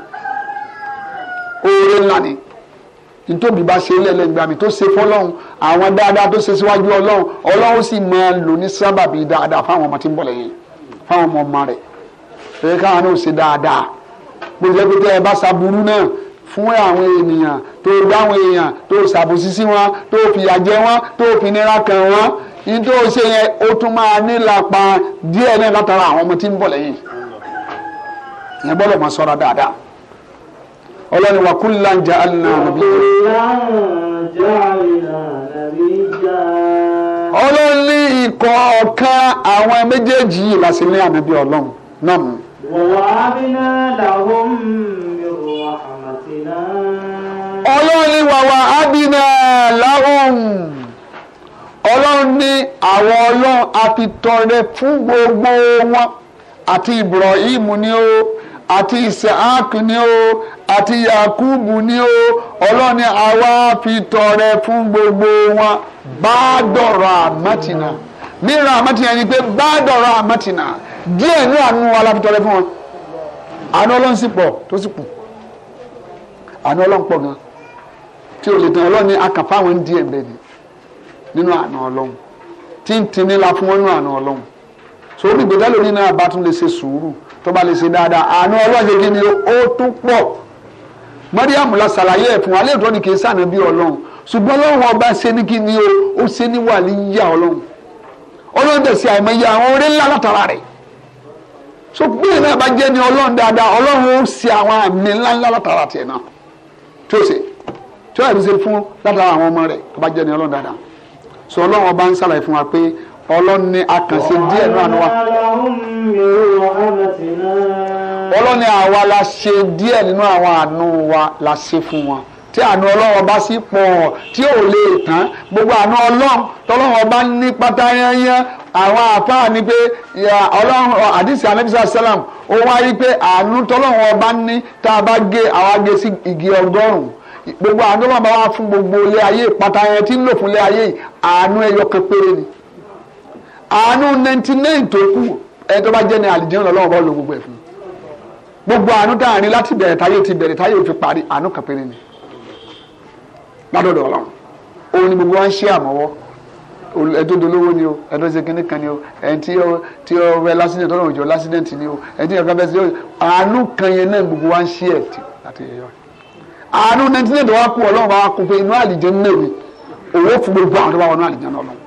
[SPEAKER 2] oore ńlá ni nítòbí bá ṣe lẹ́lẹ́gbàmí tó ṣe fọlọ́run àwọn dáadáa tó ṣe síwájú ọlọ́run ọlọ́run sì máa lò ní sábàbí dáadáa fáwọn ọmọ tí ń bọ̀ lẹ́yìn fáwọn ọmọ ọmọ rẹ̀ ẹ̀ káwọn náà ṣe dáadáa gbèsè pé tẹ́ ẹ bá ṣàbùrú náà fún àwọn ènìyàn tó dáwọn èèyàn tó ṣàbòsí sí wọn tó fìyà jẹ wọn tó fi nira kàn wọn ní tó ṣe yẹn ó tún máa nílapa díẹ̀ náà látara àwọn ọmọ tí ń bọ̀ lẹ́yìn ìyẹn gbọ́dọ̀ máa ṣọ́ra dáadáa ọlọ́ni wa kullan ja'alna nabiyya. ọlọ́run ní ikọ̀ ọ̀kan àwọn méjèèjì yìí láti ní ànábì ọlọ́run náà mú.
[SPEAKER 1] wàhálà làwọn mi rò wá. ọlọ́run ni wàwà ábínà láhùn
[SPEAKER 2] ọlọ́run ni àwọn ọlọ́run àfitọ́rẹ fún gbogbo wọn àti Ibrahim ni o àti Isaac ni o àti Yakubu ni o ọlọ́run àwa àfitọ́rẹ fún gbogbo wọn bá dọ̀rọ̀ àmọ́tìnà mìíràn àmọ́tìnà ni pé bá dọ̀rọ̀ àmọ́tìnà díẹ̀ ní àánú fún wọn àánú ọlọ́run sì pọ̀ àná ọlọ́run pọ̀ gan tí o lè tàn ọlọ́run ní akànfà àwọn ń di ẹ̀bẹ̀ ni nínú àná ọlọ́run tí ń fún wọn nínú àná ọlọ́run so orí ìgbésẹ̀ lónìí náà bá tún lè ṣe sùúrù tó bá lè ṣe dáadáa àná ọlọ́run ṣe kí ni ó tún pọ̀ mọ́ríàmù la ṣàlàyé ẹ̀ fún wa léètọ́ ni kì í sànà bí ọlọ́run ṣùgbọ́n ọlọ́run ọba ṣe ní kí ni o ó ṣe ní wà ní yíyá ọlọ́run ọlọ́run tẹ̀sí àìmọye àwọn oore ńlá látara rẹ̀ so gbé náà bá jẹ́ ni ọlọ́run dáadáa ọlọ́run ó ṣe àwọn àmì ńláńlá látara tiẹ̀ náà tí ó ṣe tí ó yà ṣe fún látara àwọn ọmọ rẹ̀ tó bá jẹ́ ní ọlọ́run dáadáa sọ ọlọ́run ọba ń ṣàlàyé fún wa pé ọlọ́run ní akànṣe díẹ̀ náà ni wa
[SPEAKER 1] ọlọ́run ní àwa la
[SPEAKER 2] ṣe díẹ̀ nínú àwọn àánú wa la ṣe fún wa tí àánú ọlọ́run bá sì pọ̀ tí ò lè tán gbogbo àánú ọlọ́run tọ́lọ́run bá ní pátá yányán àwọn àfáà ni pé ọlọ́run àdìsí anabisa sálàm ó wáyé pé àánú tọ́lọ́run ọba ní tá a bá gé àwọn agé sí igi ọgọ́rùn-ún gbogbo àánú ọlọ́run bá wá fún gbogbo ilé ayé pátá yẹn tí ń lò fún ilé ayé yìí àánú ẹyọ kan ni àánú ninety nine tó kù ẹni tó bá jẹ́ ni àlìjẹ́ ọlọ́run gbogbo ẹ̀ fún gbogbo àánú láti bẹ̀rẹ̀ táyé ti bẹ̀rẹ̀ táyé ò fi parí àánú kan ni ládọ̀dọ̀ ọlọ́run òun ni gbogbo wa ń ṣe àmọ́wọ́ ẹdún dolówó ni o ẹdún ṣe kínní kan ni o ẹni tí ó tí ó rẹ lásìdẹ̀ntì ọlọ́run ìjọ lásìdẹ̀ntì ni o ẹni tí ìyàgbẹ́ bẹ́ẹ̀ sí àánú kan yẹn náà gbogbo wa ń ṣe ẹ̀ tí láti yẹyọ. àánú nẹ́tí náà tó wá kú ọlọ́run bá wá kú pé inú àlìjẹ náà mi òwò fún gbogbo àwọn tó bá wọnú àlìjẹ náà lọ́run.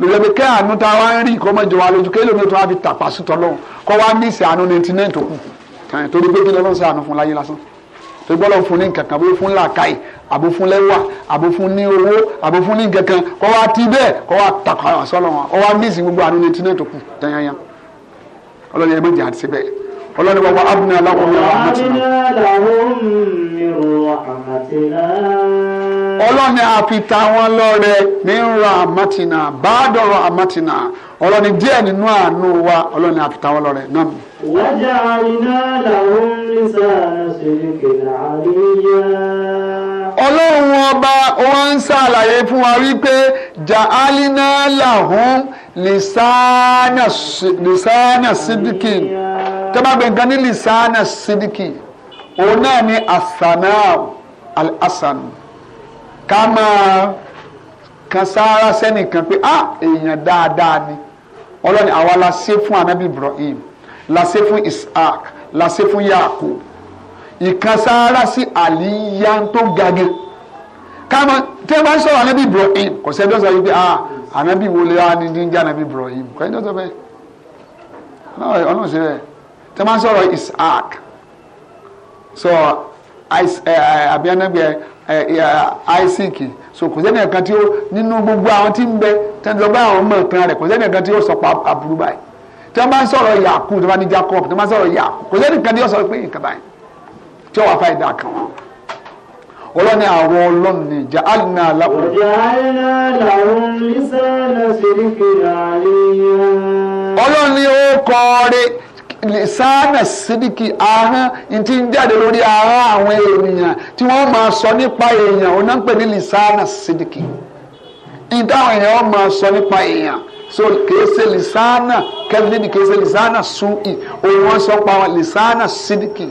[SPEAKER 2] lóye pé kẹ́ àánú tá wá ń rí ìkọ́mọ jọ wa lójú kéèlò mi tó wá fi tàpá sùtọ̀ lọ́run kọ́ wá mí torípọ́lọ́ fún ní kankan bó fún làákàyè àbó fún lẹ́wà àbó fún ní owó àbó fún ní kankan kọ́ wa ti bẹ́ẹ̀ kọ́ wa takọ̀ sọ́lọ́ wọn kọ́ wa mísì gbogbo àánú ní tinú ètò kù tẹ́yẹ́yẹ́ ọlọ́ni ẹ méjì àti síbẹ̀ ọlọ́ni wàá wá abúlé aláwọ̀ ọ̀hún ọ̀hún ọ̀hún ọlọ́ni àfitá wọn lọ́rẹ ní ra àmàtìnà bá dọ̀rọ̀ àmàtìnà ọlọ́ni díẹ̀ nínú àánú wa ọlọ́ni àfitá wọn lọ́rẹ náà. wájà àìná làwọn nísà ṣèlékè àríyá. ọlọ́run ọba wọn ń ṣàlàyé fún wa wípé ja'alina lahum sidiki ní sidiki òun náà ni ká máa kan sáárá sẹ́nìkan pé ah èèyàn dáadáa ni ọlọ́ni àwa la ṣe fún anabi Ibrahim la ṣe fún Isaac la ṣe fún Yakub ìkan sáárá sí àlìyá tó gage káma tẹ́ bá ń sọ̀rọ̀ anabi Ibrahim kò sẹ́ni tó sọ yìí ah anabi wo lè wá ní níjà anabi Ibrahim kò sẹ́ni tó sọ bẹ́ẹ̀ ọlọ́run ṣe bẹ́ẹ̀ tẹ́ bá ń sọ̀rọ̀ Isaac sọ. So, Eh, eh, àbí anabi eh, Isaac so kò sẹ́ni ẹ̀kan tí ó nínú gbogbo àwọn tí ń bẹ tẹ́lifíṣọ́ bá àwọn ọmọ ìkan rẹ̀ kò sẹ́ni ẹ̀kan tí ó sọ̀pọ̀ aburú báyìí tí wọ́n bá ń sọ̀rọ̀ yàkú tí wọ́n bá ní Jacob tí wọ́n bá ń sọ̀rọ̀ yàkú kò sẹ́ni ẹ̀kan tí ó sọ̀rọ̀ pé nǹkan báyìí tí ó wà fáyìí dá kan wọn ọlọ́ni àwọn ọlọ́run ni ja'alna lahum. ja'alna lahum lisana sirkin aliyan lìsáànà sídìkì ahọ́n ntí ń jáde lórí ahọ́n àwọn ènìyàn tí wọ́n máa sọ nípa èèyàn ọ̀nà ń pè ní lìsáànà sídìkì ìdáhùn èèyàn wọ́n máa sọ nípa èèyàn so kèése lìsáànà kẹ́fíndì kèése lìsáànà sùnì òun wọ́n sọ pa wọn lìsáànà sídìkì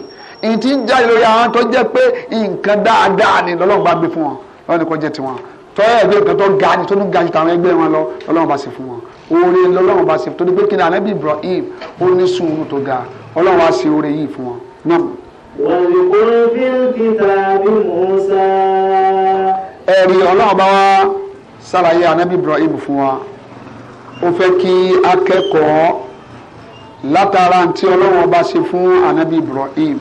[SPEAKER 2] ntí ń jáde lórí ahọ́n tó jẹ́ pé nǹkan dáadáa ni lọ́lọ́run bá gbé fún wọn lọ́wọ́ ni kò jẹ́ tiwọn tọ́yẹ̀ bí nǹkan tó ga ni tó tún ga ju tàwọn ẹgbẹ́ wọn lọ lọ́lọ́run bá ṣe fún wọn oore lọ́lọ́run bá ṣe torí pé kí ni anabi Ibrahim ó ní sùúrù tó ga Ọlọ́run wá ṣe oore yìí fún wọn náà. wàlúkún bílkìtà bí Musa. ẹ̀rí Ọlọ́run bá wá ṣàlàyé anabi Ibrahim fún wa ó fẹ́ kí akẹ́kọ̀ọ́ látara ntí Ọlọ́run bá ṣe fún anabi Ibrahim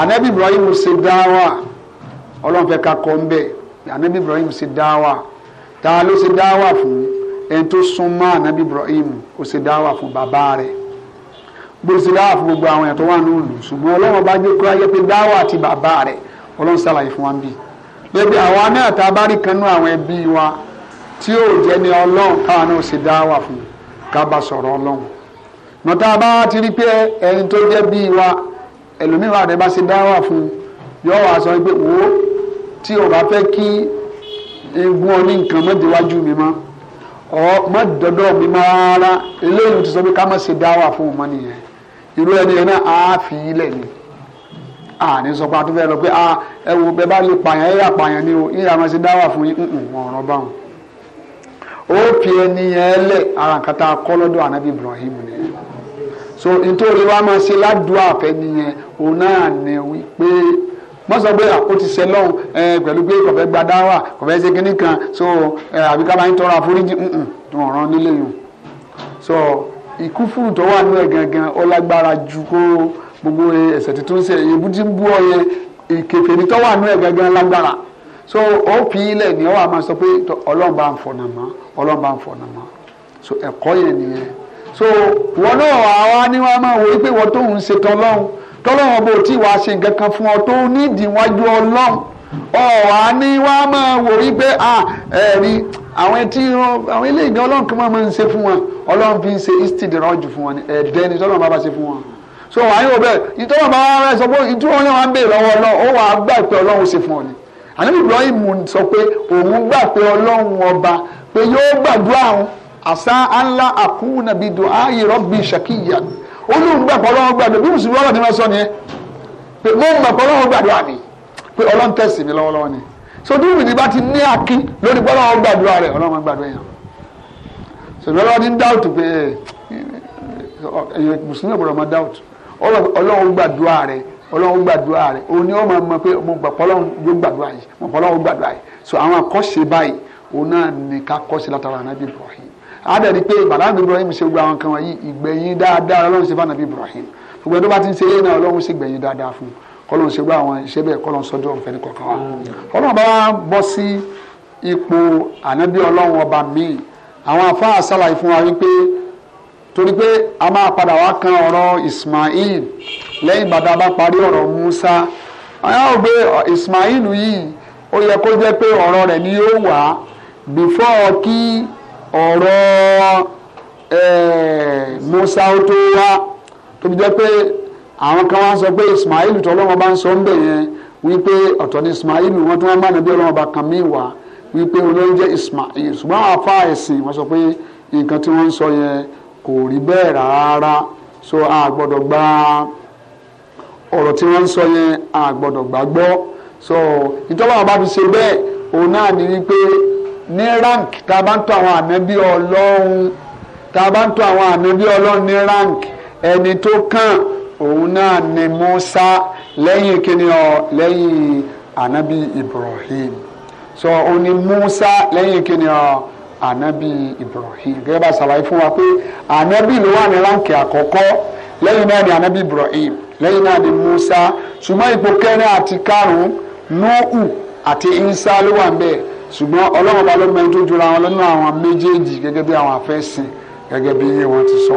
[SPEAKER 2] anabi Ibrahim ṣe dáwà Ọlọ́run fẹ́ ká ń bẹ̀ anabi Ibrahim ṣe dáwà ta ló ṣe dáwà fún un ẹni tó súnmọ́ ànábì Ibrahim ó ṣe dáwà fún bàbá rẹ̀ bó ṣe dáwà fún gbogbo àwọn èèyàn wà nínú ṣùgbọ́n ọlọ́run bá jẹ́ kó ayé dáwà ti bàbá rẹ̀ ọlọ́run ṣàlàyé fún wa ń bì lẹ́bi àwa náà tá a bá rí kan nú àwọn ẹbí wa tí yóò jẹ́ ní ọlọ́run káwa náà ṣe dáwà fún ká bá sọ̀rọ̀ ọlọ́run mọ̀tá bá ti rí pé ẹni tó jẹ́ bí wa ẹlòmíràn rẹ̀ bá ṣe dáwà fún yóò wá ọ ma dọdọ mi mọ rárá eléyìí ti sọ pé ká má ṣe dáwà fún ọmọ nìyẹn irú ẹni yẹn náà á fi ilẹ̀ ni àní sọ pé àtúfẹ́ lọ pé ẹ wo bẹ bá lè pààyàn ni o yíyà má ṣe dáwà fún yín nǹkan ọ̀rọ̀ báwọn. ó fi ẹni yẹn lẹ̀ ara nǹkan tá a kọ́ lọ́dọ̀ Ibrahim so nítorí wàá ládùúgbò àfẹ́ nìyẹn òun náà wọ́n sọ pé ó ti ṣe lọ́hùn pẹ̀lú pé kọ̀fẹ́ gba dáwà kọ̀fẹ́ ṣe kínní kan so àbí ká máa ń tọrọ àforíjì wọn ràn nílé yìí so ìkúfùrù tó wà nílẹ̀ gangan ó lágbára ju kó gbogbo ẹ̀ṣẹ̀ tuntun ṣe èyí bú ti ń bú ọ yẹn tó wà nílẹ̀ gangan lágbára so ó fi ilẹ̀ ni ó wà máa sọ pé ọlọ́run ń fọ̀nà mọ́ ọlọ́run ń fọ̀nà mọ́ so ẹ̀kọ́ yẹn nìyẹn so wọn náà àwa ni wọn máa wọ tọ́lọ́wọ́n bò tí wàá ṣe nǹkan kan fún ọ tó nídìí wájú ọlọ́run ọ̀wá ni wàá máa wò yí pé ẹ̀rí àwọn tí àwọn eléyìí ni ọlọ́run kan máa máa ń ṣe fún wọn ọlọ́run fi ń ṣe istidrọ́jù fún wọn ẹ̀dẹ́ ni tọ́lọ́run bá bá ṣe fún wọn so wàá yóò bẹ́ẹ̀ ìtọ́lọ́run bá wá sọ pé ìtúwọ́n náà wàá ń béèrè lọ́wọ́ ọlọ́run ó wàá gbà pé ọlọ́run ṣe fún ọ ni ànábì Ibrahim sọ pé òun pé olóhùn gbà pọ̀ lọ́wọ́ gbàdúrà bí mùsùlùmí ọlọ́run ti máa sọ nìyẹn pé mo mọ̀ pọ̀ lọ́wọ́ gbàdúrà mi pé ọlọ́run tẹ̀sí mi lọ́wọ́lọ́wọ́ ni so bí mùsùlùmí bá ti ní akí lórí pọ̀ lọ́wọ́ gbàdúrà rẹ̀ ọlọ́run máa gbàdúrà yẹn sọ̀rọ̀ ọlọ́run ní dáùtù pé ẹ̀yìn eh, mùsùlùmí ọ̀gbọ̀dọ̀ máa dáùtù ọlọ́run gbàdúrà rẹ̀ ọlọ́run gbàdúrà rẹ̀ òun ni ó máa mọ pé mo gbà pọ́lọ́run ló gbàdúrà yìí mo pọ́lọ́run gbàdúrà yìí so àwọn àkọ́ṣe báyìí òun náà ní ká kọ́ṣe látara ànábì Ibrahim àádẹ́rì pé bàdàgbé Ibrahim ṣe gbogbo àwọn kan wọ̀nyí ìgbẹ̀yìn dáadáa ọlọ́run ṣe fànàbí Ibrahim gbogbo ẹni tó bá ti ń ṣe eré náà ọlọ́run ṣe gbẹ̀yìn dáadáa fún kọ́lọ́run ṣe gbọ́ àwọn iṣẹ́ bẹ́ẹ̀ kọ́lọ́run sọ́jọ́ ọ̀fẹ́ ní kọ̀ọ̀kan wa ọlọ́run bá bọ́ sí ipò ànábì ọlọ́run ọba míì àwọn afáà ṣàlàyé fún wa wípé torí pé a máa padà wá kan ọ̀rọ̀ Ismail lẹ́yìn bàtà bá parí ọ̀rọ̀ Musa àwọn ò gbé Ismail yìí ó yẹ kó jẹ́ pé ọ̀rọ̀ rẹ̀ ni yóò wá before kí ọ̀rọ̀ Musa tó wá jẹ́ pé àwọn kan wá sọ pé Ismail tó ọlọ́mọ bá ń sọ ń yẹn wípé ọ̀tọ̀ ni Ismail wọn tó wọn bá nàbí ọlọ́mọ bá kan wípé jẹ́ Ismail ṣùgbọ́n ẹ̀sìn wọ́n sọ pé nǹkan tí wọ́n ń sọ so a gba ọ̀rọ̀ tí wọ́n ń sọ yẹn so bá fi ṣe bẹ́ẹ̀ òun náà ní rank tá a bá ń tọ́ àwọn ànábì ọlọ́run tá a bá ń tọ́ àwọn ànábì ọlọ́run ní rank ẹni tó kàn òun náà ni Musa lẹ́yìn kíni ọ lẹ́yìn ànábì Ibrahim so òun ni Musa lẹ́yìn kíni ọ ànábì Ibrahim gẹ́gẹ́ bá ṣàlàyé fún wa pé ànábì ló wà ní ránkì àkọ́kọ́ lẹ́yìn náà ni ànábì Ibrahim lẹ́yìn náà ni Musa ṣùgbọ́n ipò kẹrin àti karùn-ún Nuhu àti Isa ló wà ń bẹ́ẹ̀ ṣùgbọ́n ọlọ́run ọba ló mẹ́rin tó jura wọn lọ́nà àwọn méjèèjì gẹ́gẹ́ bí àwọn afẹ́sìn gẹ́gẹ́ bí wọ́n ti sọ.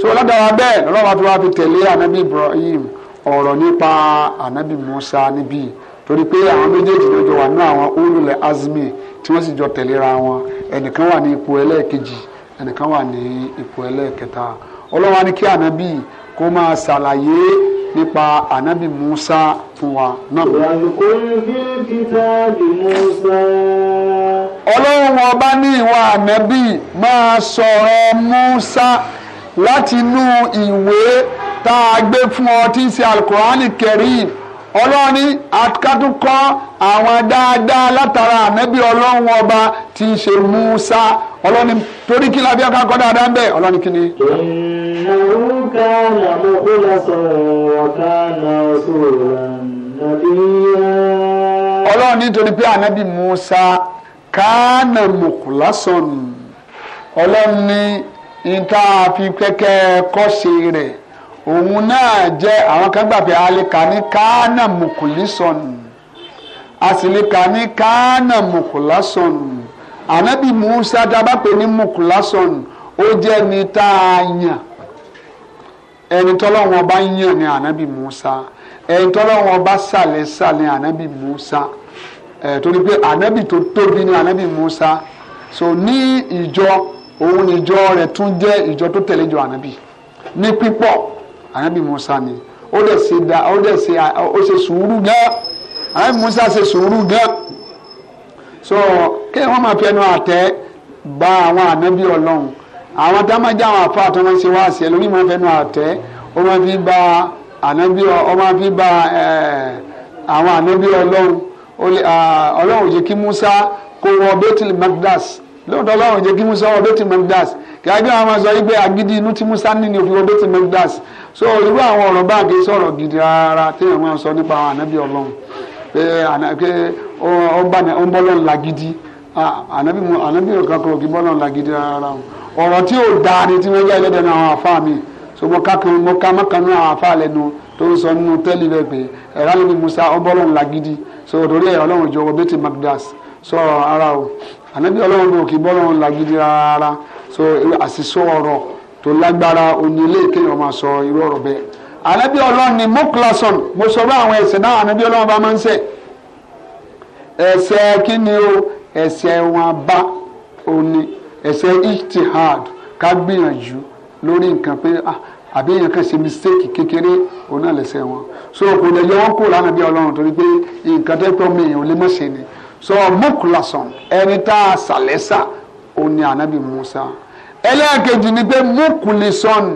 [SPEAKER 2] so ládàá bẹ́ẹ̀ lọ́lọ́run àti wá fi tẹ̀lé anabi Ibrahim ọ̀rọ̀ nípa anabi Musa níbí torí pé àwọn méjèèjì ló jọ wà ní àwọn olùlẹ̀ azmi tí wọ́n sì jọ tẹ̀léra wọn ẹnìkan wà ní ipò ẹlẹ́ẹ̀kejì ẹnìkan wà ní ipò ẹlẹ́ẹ̀kẹta ọlọ́run á ní kí anabi kó máa ṣàlàyé nípa ànábì Musa fún wa náà. ìyàlùkọ́ fil kitabi Musa. ọlọ́run ọba ní ìwà ànábì máa sọ̀rọ̀ Musa látinú ìwé tá a gbé fún ọ tí ń ṣe alukurani kẹrin ọlọ́run ní akátúkọ́ àwọn dáadáa látara ànábì ọlọ́run ọba tí í ṣe Musa ọlọ́run ní torí kí lábẹ́ ọkàn kọ́ dáadáa ń bẹ̀ ọlọ́run kí ni. ìnáwó ká làmú kó lọ sọ̀rọ̀ ọ̀ká náà sọ̀rọ̀ nàbíyá. ọlọ́run nítorí pé ànábì Musa kánà mùkúlásọ̀nù ọlọ́run ní ìta àfikẹ́kẹ́ kọ́ṣe rẹ̀ òun náà jẹ́ àwọn kan gbà pé a lè kà ní kánà mùkùlísọ̀n a sì lè kà ní kánà mùkùlásọ̀n ànábì Musa dábàá pé ní mùkùlásọ̀n ó jẹ́ ní tá a yàn ẹni tọ́lọ́wọ́n bá yàn ní ànábì Musa ẹni tọ́lọ́wọ́n bá sàlẹ̀ sàlẹ̀ ànábì Musa ẹ̀ torí pé ànábì tó tóbi ní ànábì Musa so ní ìjọ òun ìjọ rẹ̀ tún jẹ́ ìjọ tó tẹ̀lé jọ ànábì ní pípọ̀. Anabi Musa ni ó dẹ̀ ṣe da ó dẹ̀ ṣe ó ṣe sùúrù gan ànábì Musa ṣe sùúrù gan so kí wọ́n máa fi ẹnu àtẹ́ bá àwọn ànábì Ọlọ́run àwọn tá a máa jẹ́ àwọn àfa àtọ́ máa ń ṣe wá sí ẹ lórí máa fẹnu àtẹ́ ó máa fi bá ànábì ó máa fi bá àwọn ànábì Ọlọ́run Ọlọ́run ò kí Musa kó wọ Bethel Magdas lóòótọ́ Ọlọ́run ò kí Musa wọ Bethel Magdas kí á gbé àwọn máa sọ wípé agídí inú tí Musa ní ni òfin wọ Bethel Magdas so irú àwọn ọ̀rọ̀ báàgì sọ̀rọ̀ gidi rárá téèyàn máa sọ nípa àwọn ànábì ọlọ́run pé ànábì lagidi ànábì kankan òkè bọ́lọ́run lagidi rárá ọ̀rọ̀ tí ò dáa ni tí wọ́n jẹ́ ẹlẹ́dẹ̀ ní àwọn àfa mi so mo ká kan mo ká mọ́kànnú àwọn àfa lẹ́nu tó ń sọ nínú Musa ó lagidi so torí ẹ̀ ọlọ́run jọ wọ bẹ́tì magdas ara ànábì ọlọ́run tó lágbára òní ilé kéèyàn máa sọ irú ọ̀rọ̀ bẹ́ẹ̀ ànábì ọlọ́run ni mọ́kìlásọ̀n mo sọ bá àwọn ẹ̀ṣẹ̀ náà ànábì ọlọ́run bá máa ń ṣẹ̀ ẹ̀ṣẹ̀ kí ni o ẹ̀ṣẹ̀ wọn bá òní ẹ̀ṣẹ̀ ijtihad ká gbìyànjú lórí nǹkan pé ah, àbí èèyàn kan ṣe mistake kékeré òun náà lẹ́ṣẹ̀ wọn so kò lè yọ wọn kúrò lánàá bí ọlọ́run torí pé nǹkan tó tọ́ mi èèyàn ò lè mọ̀ ṣe ni so mọ́kìlásọ̀n ẹni tá a ṣàlẹ́sà òun ànábì Musa ẹlẹ́ẹ̀kejì ni pé mukulison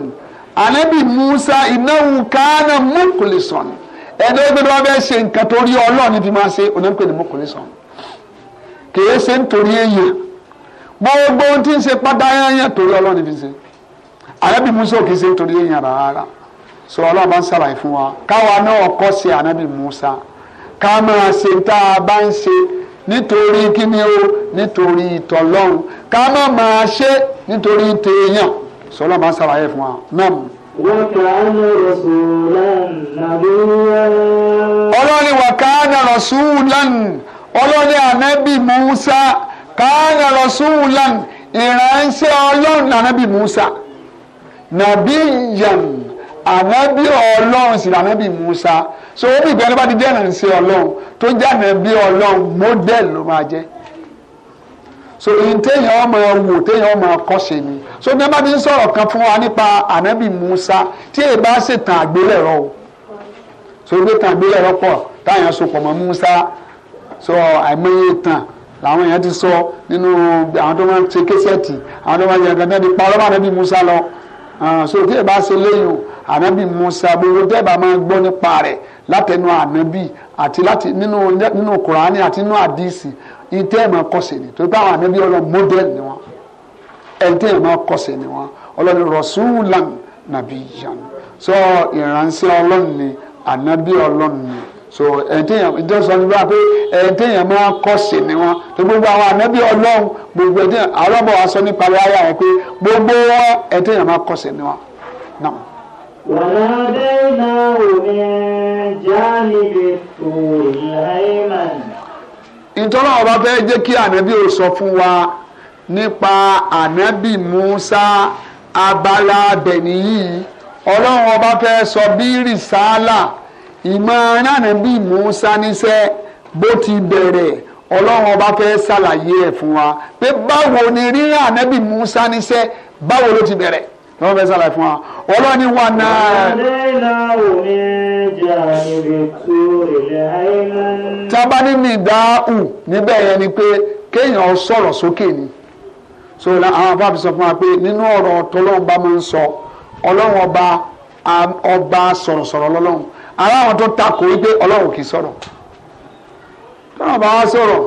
[SPEAKER 2] anabi musa ináwó kánà mukulison ẹni ó gbẹdọ bẹ ṣe nǹkan torí Ọlọ́run ni fi máa ṣe onípe ni mukulison kìí ṣe nítorí èèyàn gbogbo ohun tí ń ṣe pátá torí Ọlọ́run ni ṣe anabi musa kìí ṣe nítorí èèyàn rárá sọ Ọlọ́run bá ń ṣàlàyé fún wa káwa náà kọ́ ṣe anabi musa ká máa ṣe tá a bá ń ṣe nítorí kíni o nítorí ìtọ́lọ́run ká má máa ṣe nítorí téèyàn sọlá máa ń ṣàlàyé fún wa náà. ọlọ́ni wà káàdà rọ̀ṣúlán ọlọ́ni ànábì Musa káàdà rọ̀ṣúlán ìránṣẹ́ ọlọ́run ànábì Musa nàbí yàn ànábì ọlọ́run sì ànábì Musa so ó bí ìgbẹ́ni bá ti jẹ́ ìránṣẹ́ ọlọ́run tó jẹ́ ànábì ọlọ́run mọ́dẹ́lì ló máa jẹ́ so ihun téèyàn ọmọ wò téèyàn ọmọ kọ́ ṣe ni so ní abá ti ń sọ̀rọ̀ kan fún wa nípa ànábì Musa tí èyí bá ṣètàn àgbélẹ̀rọ o so ìgbé tàn àgbélẹ̀rọ pọ̀ táyà sopọ̀ mọ́ Musa so àìmọye tàn làwọn èèyàn ti sọ nínú àwọn tó máa ń ṣe késẹ́ẹ̀tì àwọn tó máa ń yẹ gàdá di pa ọlọ́mọ Musa lọ so tí èyí bá ṣe léyìn o ànábì Musa gbogbo tẹ́ẹ̀bà máa ń gbọ́ nípa rẹ̀ látẹnu ànábì àti láti nínú nínú Kùránì àti nínú àdìsí ìtẹ́ ẹ̀ máa kọ́sẹ̀ ni torí pé àwọn ànábì ọlọ́run mọ́dẹ́lì ni wọ́n ẹ̀ńtẹ́ ẹ̀ máa kọ́sẹ̀ ni wọ́n ọlọ́run rọ̀ṣúlàn nàbí yan so ìránṣẹ́ ọlọ́run ni ànábì ọlọ́run ni so ẹ̀ńtẹ́ ẹ̀ ìjọ sọ nígbà pé ẹ̀ńtẹ́ ẹ̀ máa kọ́sẹ̀ ni wọ́n tó gbogbo àwọn ànábì ọlọ́run gbogbo ẹ̀ńtẹ́ àlọ́bọ̀ wa sọ nípa wáyà ẹ̀ pé gbogbo wọn ẹ̀ńtẹ́ ẹ̀ máa kọ́sẹ̀ ni wọ́n náà.
[SPEAKER 1] وناديناه من
[SPEAKER 2] جانب الطور الأيمن ìtọ́lá ọba fẹ́ jẹ́ kí ànábì ó sọ fún wa nípa ànábì Musa abala bẹ̀ni yìí ọlọ́run ọba fẹ́ sọ bí rìsáálà ìmọ̀ràn ànábì Musa níṣẹ́ bó ti bẹ̀rẹ̀ ọlọ́run ọba fẹ́ ṣàlàyé ẹ̀ fún wa pé báwo ni rírán ànábì Musa níṣẹ́ báwo ló ti bẹ̀rẹ̀ ní wọ́n fẹ́ sàlàyé fún wa ọlọ́ni wà náà. tábà ní nìdáhù níbẹ̀ yẹn ni pé kéèyàn sọ̀rọ̀ sókè ni so àwọn afáàfin sọ fún wa pé nínú ọ̀rọ̀ tọ́lọ́run bá máa ń sọ ọlọ́run ọba ọba sọ̀rọ̀sọ̀rọ̀ lọ́lọ́run ara àwọn tó takò wípé ọlọ́run kì í sọ̀rọ̀ tọ́lọ́run bá wá sọ̀rọ̀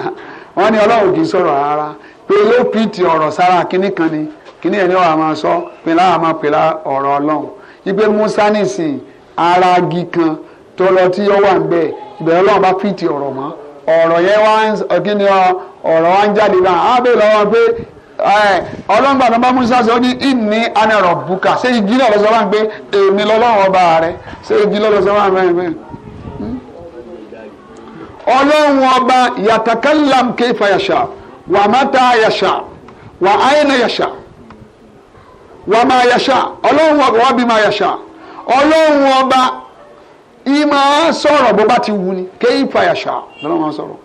[SPEAKER 2] wọ́n ní ọlọ́run kì í sọ̀rọ̀ rárá pé ló pìtì ọ̀rọ̀ sára kínní ni kíní ẹni ọ̀rọ̀ àmọ́ sọ pinla àmọ́ pinla ọ̀rọ̀ ọlọ́run ipe musa nìsín ara agi kan tó lọ tí ó wà ń bẹ ìbẹ̀rẹ̀ ọlọ́run bá fìtì ọ̀rọ̀ mọ́ ọ̀rọ̀ yẹn wá ń kíni ọ̀rọ̀ wá ń jáde náà á bẹ̀ lọ́wọ́ pé ọlọ́run gbàdán bá musa sọ ní ìní anẹ̀rọ̀ bùkà ṣé igi náà lọ́sọ̀ wá ń pé èmi lọ́lọ́run ọba rẹ ṣé igi lọ́sọ̀ wá ń hmm? ọlọ́run ọba yàtàkàlàm kéfà yàṣà wàmátà yàṣà wà yàṣà wà máa yàṣà ọlọ́run ọba wà bí máa yàṣà ọlọ́run ọba ìmọ̀ sọ̀rọ̀ bó bá ti wù ni kéyìn fa yàṣà lọ́nà máa sọ̀rọ̀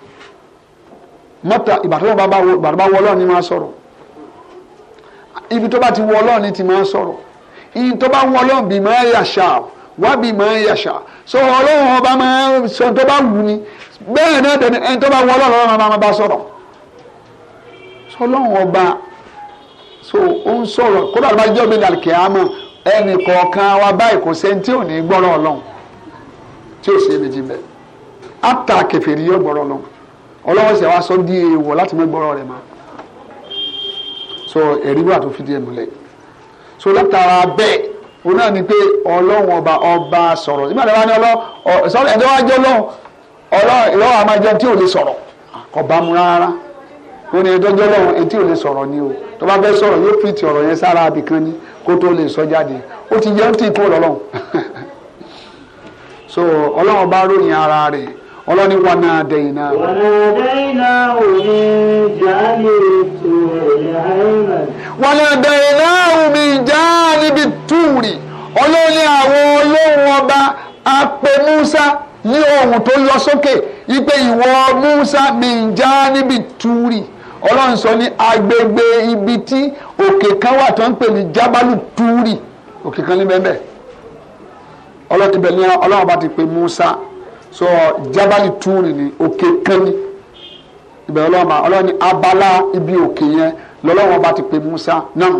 [SPEAKER 2] mọ́tà ìbàdàn bá bá wọ ọlọ́run ni máa sọ̀rọ̀ ibi tó bá ti wọ ọlọ́run ni ti máa sọ̀rọ̀ ìyìn tó bá wọ ọlọ́run bí máa yàṣà wà bí máa yàṣà so ọlọ́run ọba máa sọ tó bá wù ni bẹ́ẹ̀ náà dẹni ẹni tó bá wọ ọlọ́run ọba máa bá sọ̀rọ̀ sọlọ́run ọba so ó ń sọ̀rọ̀ kódà bá jẹ́ òmìnira kìámọ̀ ẹnì kọ̀ọ̀kan wa báyìí kò sẹ́ni tí ò ní gbọ́rọ̀ ọlọ́run tí ò sí méjì bẹ́ẹ̀ ata kẹfẹ́rì yóò gbọ́rọ̀ ọlọ́run ọlọ́run ṣe wá sọ di èèwọ̀ láti mọ gbọ́rọ̀ rẹ̀ mọ́ so ẹ̀rí wà tó fìdí ẹ̀ múlẹ̀ so látara bẹ́ẹ̀ o náà ni pé ọlọ́run ọba ọba sọ̀rọ̀ ìgbà tí wọ́n ní ọlọ́run ẹ̀dọ́ wájú ọlọ́run ọlọ́run ìlọ́wọ́ àmàjẹ tí ò ó ní ẹjọ́jọ́ lọ́wọ́ etí ò lè sọ̀rọ̀ ni o tó bá fẹ́ sọ̀rọ̀ yóò fìtì ọ̀rọ̀ yẹn sára abìkan ni kó tó lè sọ jáde ó ti jẹ́ ó ti kó lọ́lọ́run so ọlọ́run bá ròyìn ara rẹ̀ ọlọ́ni wà náà dẹ̀yìn náà. wà náà dẹ̀yìn náà ò ní jáde tó ẹ̀yà ẹ̀rẹ̀. wà náà dẹ̀yìn náà ò ní jáde bí túùrì ọlọ́ni àwọn ọlọ́run ọba apẹ Musa ní ohun tó lọ sókè ipe ìwọ Musa mi ń já níbi túùrì ọlọ́run sọ ní agbègbè ibi tí òkè kan wà tó ń pè ní jábálù túrì òkè kan ní bẹ́ẹ̀ ọlọ́run ti bẹ̀ ní ọlọ́run bá ti pè Musa sọ jábálù túrì ní òkè kan ní ibẹ̀ ọlọ́run bá ọlọ́run ní abala ibi òkè yẹn lọ́lọ́run bá ti pè Musa náà.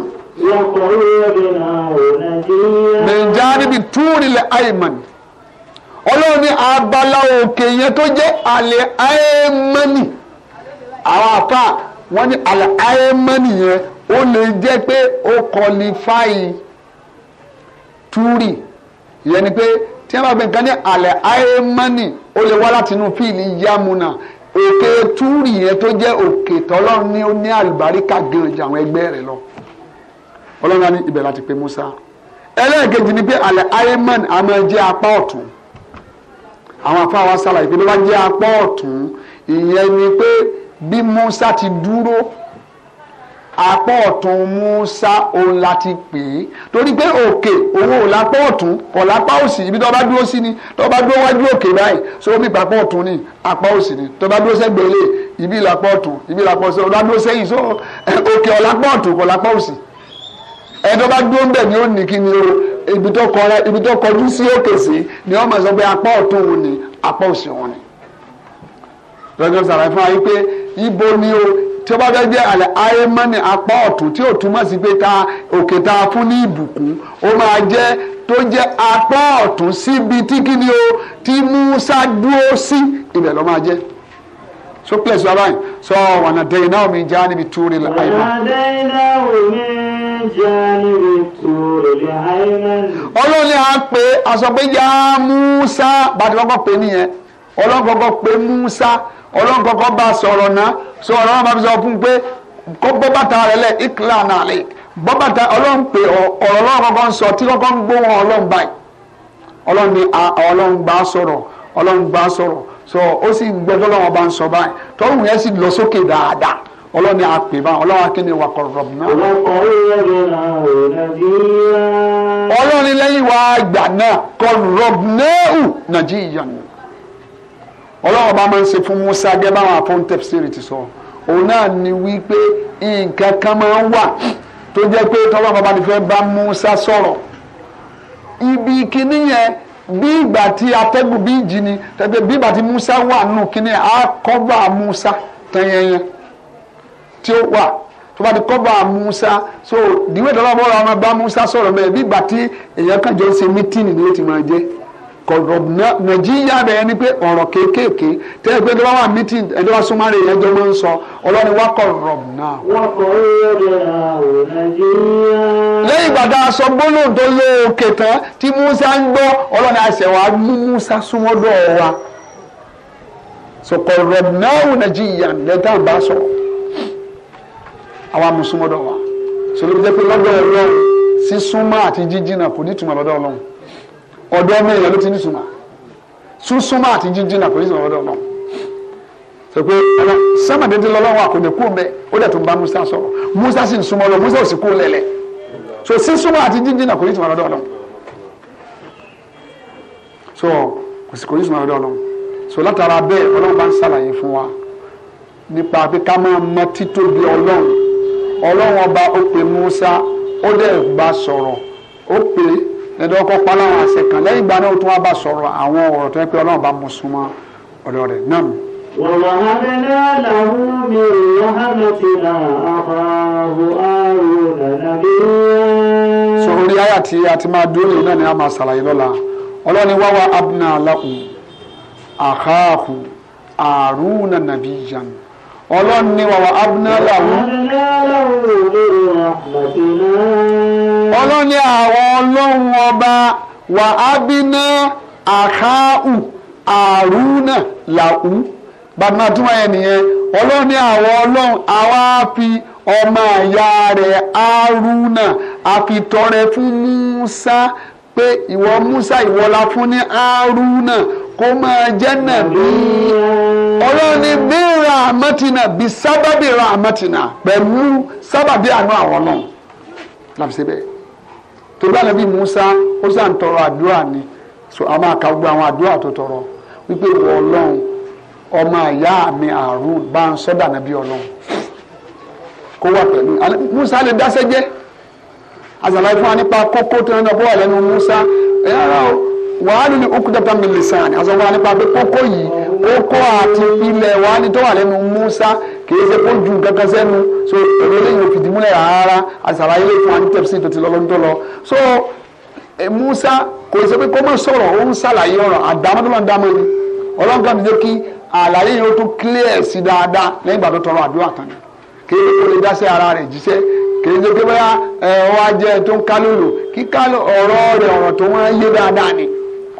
[SPEAKER 2] Nàìjíríà níbi túrì lẹ́ àìmọ̀nì ọlọ́run ní abala òkè yẹn tó jẹ́ àlẹ́ àìmọ́nì àwọn àfa wọ́n ní àìmọ́nì yẹn ó lè jẹ́ pé ó kọlifáì túrì ìyẹn ni pé tí wọ́n bá gbé nǹkan ní àlẹ́ àìmọ́nì ó lè wá láti inú fíìlì yámúnà òkè túrì yẹn tó jẹ́ òkè tọ́lọ́run ní ó ní àlùbáríkà gan ju àwọn ẹgbẹ́ rẹ̀ lọ ọlọ́run á ní ibẹ̀ láti pé Musa ẹlẹ́ẹ̀kejì ni pé àlẹ́ àìmọ́nì a máa jẹ́ apá ọ̀tún àwọn afáwa sálàyé pé ló jẹ́ apá ọ̀tún ìyẹn ni pé bí Musa ti dúró apá ọ̀tún Musa òun la ti pè é torí pé òkè òun ò lápá ọ̀tún kò lápá òsì ibi tó bá dúró sí ni tó bá dúró wájú òkè báyìí so omi ìpapọ̀ ọ̀tún ni apá òsì ni tó dúró sẹ́gbẹ̀ẹ́ lè ibi ìlàpá ọ̀tún ibi ìlàpá ọ̀sẹ̀ ọ̀dá dúró sẹ́yìn so òkè ọ̀lápá ọ̀tún kò lápá òsì ẹ̀ tó dúró ń bẹ̀ ni ó ní kí ni ibi tó kọjú sí òkè sí ni wọ́n máa sọ pé apá ọ̀tún òun ni apá òsì òun ni lọ́jọ́ sàlàyé fún wa yìí pé ibo ni o tí ó bá fẹ́ jẹ́ àlẹ́ ayémọ́ni apá ọ̀tún tí ò túmọ̀ sí pé ta òkè ta fún ní ìbùkún ó máa jẹ́ tó jẹ́ apá ọ̀tún síbi tí kí ni o tí Musa dúró sí ibẹ̀ ló máa jẹ́ so place wa báyìí so wàna dẹ̀yìn náà mi já níbi túrí la àyè náà. wàna dẹ̀yìn náà la àyè náà. olóòlì à ń pè aṣọ pé Musa bàtí wọ́n kọ́ pè nìyẹn ọlọ́nkọ́kọ́ pé Musa ọlọ́nkọ́kọ́ bá sọ̀rọ̀ náà so ọlọ́run bá fi sọ fún un pé kó bọ́ bàtà rẹ lẹ̀ ìkìlá náà lẹ̀ bọ́ bàtà ọlọ́run pé ọ̀rọ̀ ọlọ́run kọ́kọ́ ń sọ tí kọ́kọ́ ń gbóhùn ọlọ́run báyìí ọlọ́run ni ọlọ́run bá sọ̀rọ̀ ọlọ́run bá sọ̀rọ̀ so ó sì gbọ́ tọ́lọ́wọ́n bá ń sọ báyìí tọ́hùn yẹn sì ni a pè bá ọlọ́run akéde wà kọ̀rọ̀ náà. ọlọ́run lẹ́yìn wá gbà náà kọ̀rọ̀ náà nàjíríyàn ọlọ́run bá máa ń ṣe fún Musa gẹ́gẹ́ báwọn afọ́ntẹ́fsírì ti sọ òun náà ni wípé nǹkan kan máa ń wà tó jẹ́ pé tọ́lọ́ bàbá ni bá Musa sọ̀rọ̀ ibi kíní yẹn bí ìgbà tí atẹ́gùn bí ìjì ni tàbí bí ìgbà tí Musa wà nù kíní á kọ́bà Musa tẹ́yẹyẹ tí ó wà tó bá ti kọ́bà Musa so ìdíwé tọ́lọ́ bọ́ọ̀rọ̀ ọmọ bá Musa sọ̀rọ̀ mẹ́ẹ̀ bí ìgbà tí èèyàn kan jọ ń ṣe mítìnì ni ó ti máa jẹ́ kọ̀rọ̀bùnà nàìjíríà bẹ̀rẹ̀ ni pé ọ̀rọ̀ kéékèèké tẹ́lẹ̀ pé ẹ̀dọ́wà mítìn ẹ̀dọ́wà súnmọ́rẹ́ yẹn jọ máa ń sọ ọlọ́ni wá kọ̀rọ̀bùnà. lẹ́yìn ìgbà tá a sọ gbólóhùn tó lé òkè tán tí musa ń gbọ́ ọlọ́ni àṣẹ wa mú musa súnmọ́dọ̀ wa so kọ̀rọ̀bùnà nàìjíríà lẹ́tà bá sọ àwa mú súnmọ́dọ̀ wa sọlọ́dún jẹ́ pé lọ́dọ̀ ọlọ́run sísúnmọ́ àti jíjìnà kò ní ìtumọ̀ lọ́dọ̀ ọlọ́run ọ̀dọ̀ ọmọ èèyàn ló ti ní súnmọ́ súnsúnmọ́ àti jíjìnà kò ní sọ̀rọ̀ ọ̀dọ̀ ọlọ́run sọ pé ọlọ sẹ́mà dédé lọ́lọ́run àkọ́dẹ kú mẹ́ ó dẹ̀ tún bá Musa sọ̀rọ̀ Musa sì ń súnmọ́ lọ Musa ò sì kú lẹ́lẹ̀ so sísúnmọ́ àti jíjìnà kò ní sọ̀rọ̀ ọ̀dọ̀ ọlọ́run so kò sì kò ní sọ̀rọ̀ ọ̀dọ̀ ọlọ́run so látara bẹ́ẹ̀ ọlọ́run bá ń ṣàlàyé fún wa nípa pé ká máa mọ títóbi ọlọ́run ọlọ́run ọba ó pe Musa ó dẹ̀ bá sọ̀rọ̀ ó pe ẹ̀dọ́ ọkọ̀ pa láwọn àṣẹ kan lẹ́yìn ìgbà náà ó tún wá bá sọ̀rọ̀ àwọn ọ̀rọ̀ tó yẹ pé ọlọ́run bá mú súnmọ́ ọ̀dọ̀ rẹ̀ náà mi. ووهبنا له من رحمتنا أخاه هارون نبيا sọ̀rọ̀ ayé àti àti máa dúró lè náà ni a máa ṣàlàyé lọ́la ọlọ́ni wáwá abúlé aláhùn àháhùn àrùn nàbíyàn ọlọ́run ní wàwà abúnáàlà wọn. ọlọ́run ní àwọn ọlọ́run ọba wà ábínà àkáù àrùnà làwù bàbá àtúmọ̀ yẹn nìyẹn ọlọ́run ní àwọn ọlọ́run àwa fi ọmọ àyà rẹ̀ àrùnà àfitọ́rẹ fún Musa pé ìwọ Musa ìwọ fún ní àrùnà kó máa jẹ́ nàbí ọlọ́ni bí ra àmọ́tìnà bí sábàbí ra àmọ́tìnà pẹ̀lú sábàbí àánú àwọn náà láti ṣe bẹ́ẹ̀ torí bá nàbí Musa ó sàn tọrọ àdúrà ni so a máa ka gbogbo àwọn àdúrà tó tọrọ wípé wọ Ọlọ́run ọmọ àyá mi àrùn bá ń sọ́dà nàbí Ọlọ́run kó wà pẹ̀lú Musa lè dáṣẹ́ jẹ́ àṣàlàyé fún wa nípa kókó tó ń lọ bó wà Musa ẹ̀yà rà ó wàhálì ni ukudata min lisani àti wọn nípa pé kókó yìí kókó àti ilẹ̀ wàhálì tó wà lẹ́nu Musa kìí ṣe kó ju kankan sẹ́nu so èrò eléyìí ò fìdí múlẹ̀ rárá àti sàlàyé fún wa tó ti lọ́lọ́dún tó lọ so Musa kò ṣe pé kó má sọ̀rọ̀ ó ń sàlàyé ọ̀rọ̀ àdámọ́ tó lọ́n dámọ́ ni ọlọ́nkà mi ló kí àlàyé yìí ó tún clear sí dáadáa lẹ́yìn ìgbà tó tọrọ àdúrà tán ni kìí lè dá sí ara rẹ̀ jíṣẹ́ kìí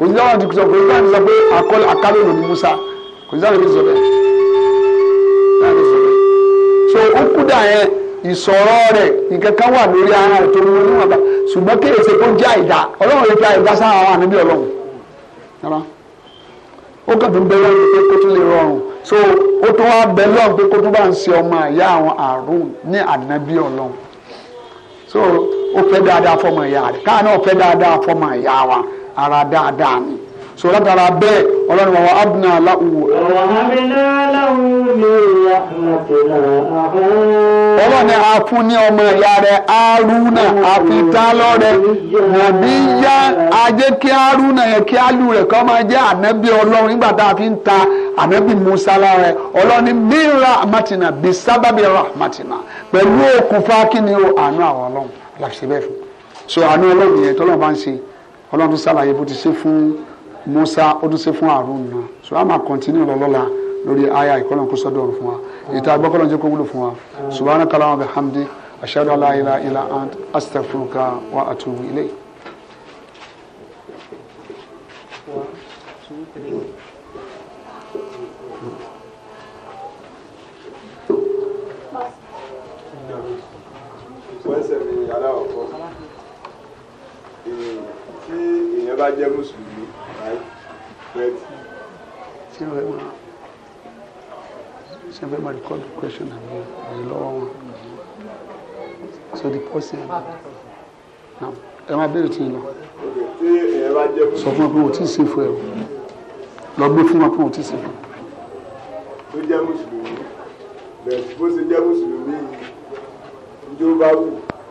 [SPEAKER 2] kò sí sáwọn ti sọ pé sáwọn ti sọ pé akọ́lẹ̀ akálẹ̀ ló ní Musa kò sí sáwọn ti sọ bẹ́ẹ̀ sáwọn ti sọ bẹ́ẹ̀ so ó kú dà yẹn ìsọ̀rọ̀ rẹ̀ nǹkan kan wà lórí ara rẹ̀ tó ń wọlé wọn bá ṣùgbọ́n kéèsè kó jẹ́ àìdá Ọlọ́run lè fi àìdá sára àwọn àníbí Ọlọ́run rárá ó kàn tó ń bẹ lọ́run pé kó tún lè rọrùn so ó tún wá bẹ lọ́run pé kó tún bá ń ṣe ọmọ ìyá àwọn àrùn ní ànábí Ọlọ́run so ó fẹ́ dáadáa fọmọ ìyá rẹ̀ káà náà fẹ́ dáadáa fọmọ ìyá wa ara dáadáa ni so látara bẹ́ẹ̀ ọlọ́run wa abúlé aláwọ̀. ọlọ́run ni a fún ní ọmọ ìyá rẹ̀ arúnà àfitálọ́ rẹ̀ nàbí yá ajé kí arúnà yẹn kí alú rẹ̀ kọ́ máa jẹ́ ànábì ọlọ́run nígbà tá a fi ń ta ànábì musa rẹ̀ ọlọ́run bíra matina bí sábàbí ra pẹ̀lú òkùnfà kí ni o àánú àwọn ọlọ́run láti ṣe bẹ́ẹ̀ fún so àánú ọlọ́run yẹn tọ́lọ́ bá ń ṣe ọlọ́run tún ṣàlàyé bó ti ṣe fún Musa ó tún ṣe fún Harun náà so a máa kọ́ntínú lọ́lọ́la lórí aya ìkọlọ́n kó sọ́dọ̀ ọ̀run fún wa ìta gbọ́kọ́lọ́n jẹ́ kó wúlò fún wa subhanaka wa bihamdi ashhadu an la ilaha illa ant astaghfiruka wa atubu ilayk. Puede ser mi alabo tí èèyàn bá jẹ́ mùsùlùmí right ṣé ẹ máa ṣe fẹ́ máa record the question àbí ẹ lọ́wọ́ so the person now ẹ máa béèrè tí ń lọ sọ fún wọn pé wọ́n ti ṣe fún ẹ o lọ gbé fún wọn pé wọ́n ti ṣe fún ẹ. tó jẹ́ mùsùlùmí bẹ́ẹ̀ bó ṣe jẹ́ mùsùlùmí ìjọba wù.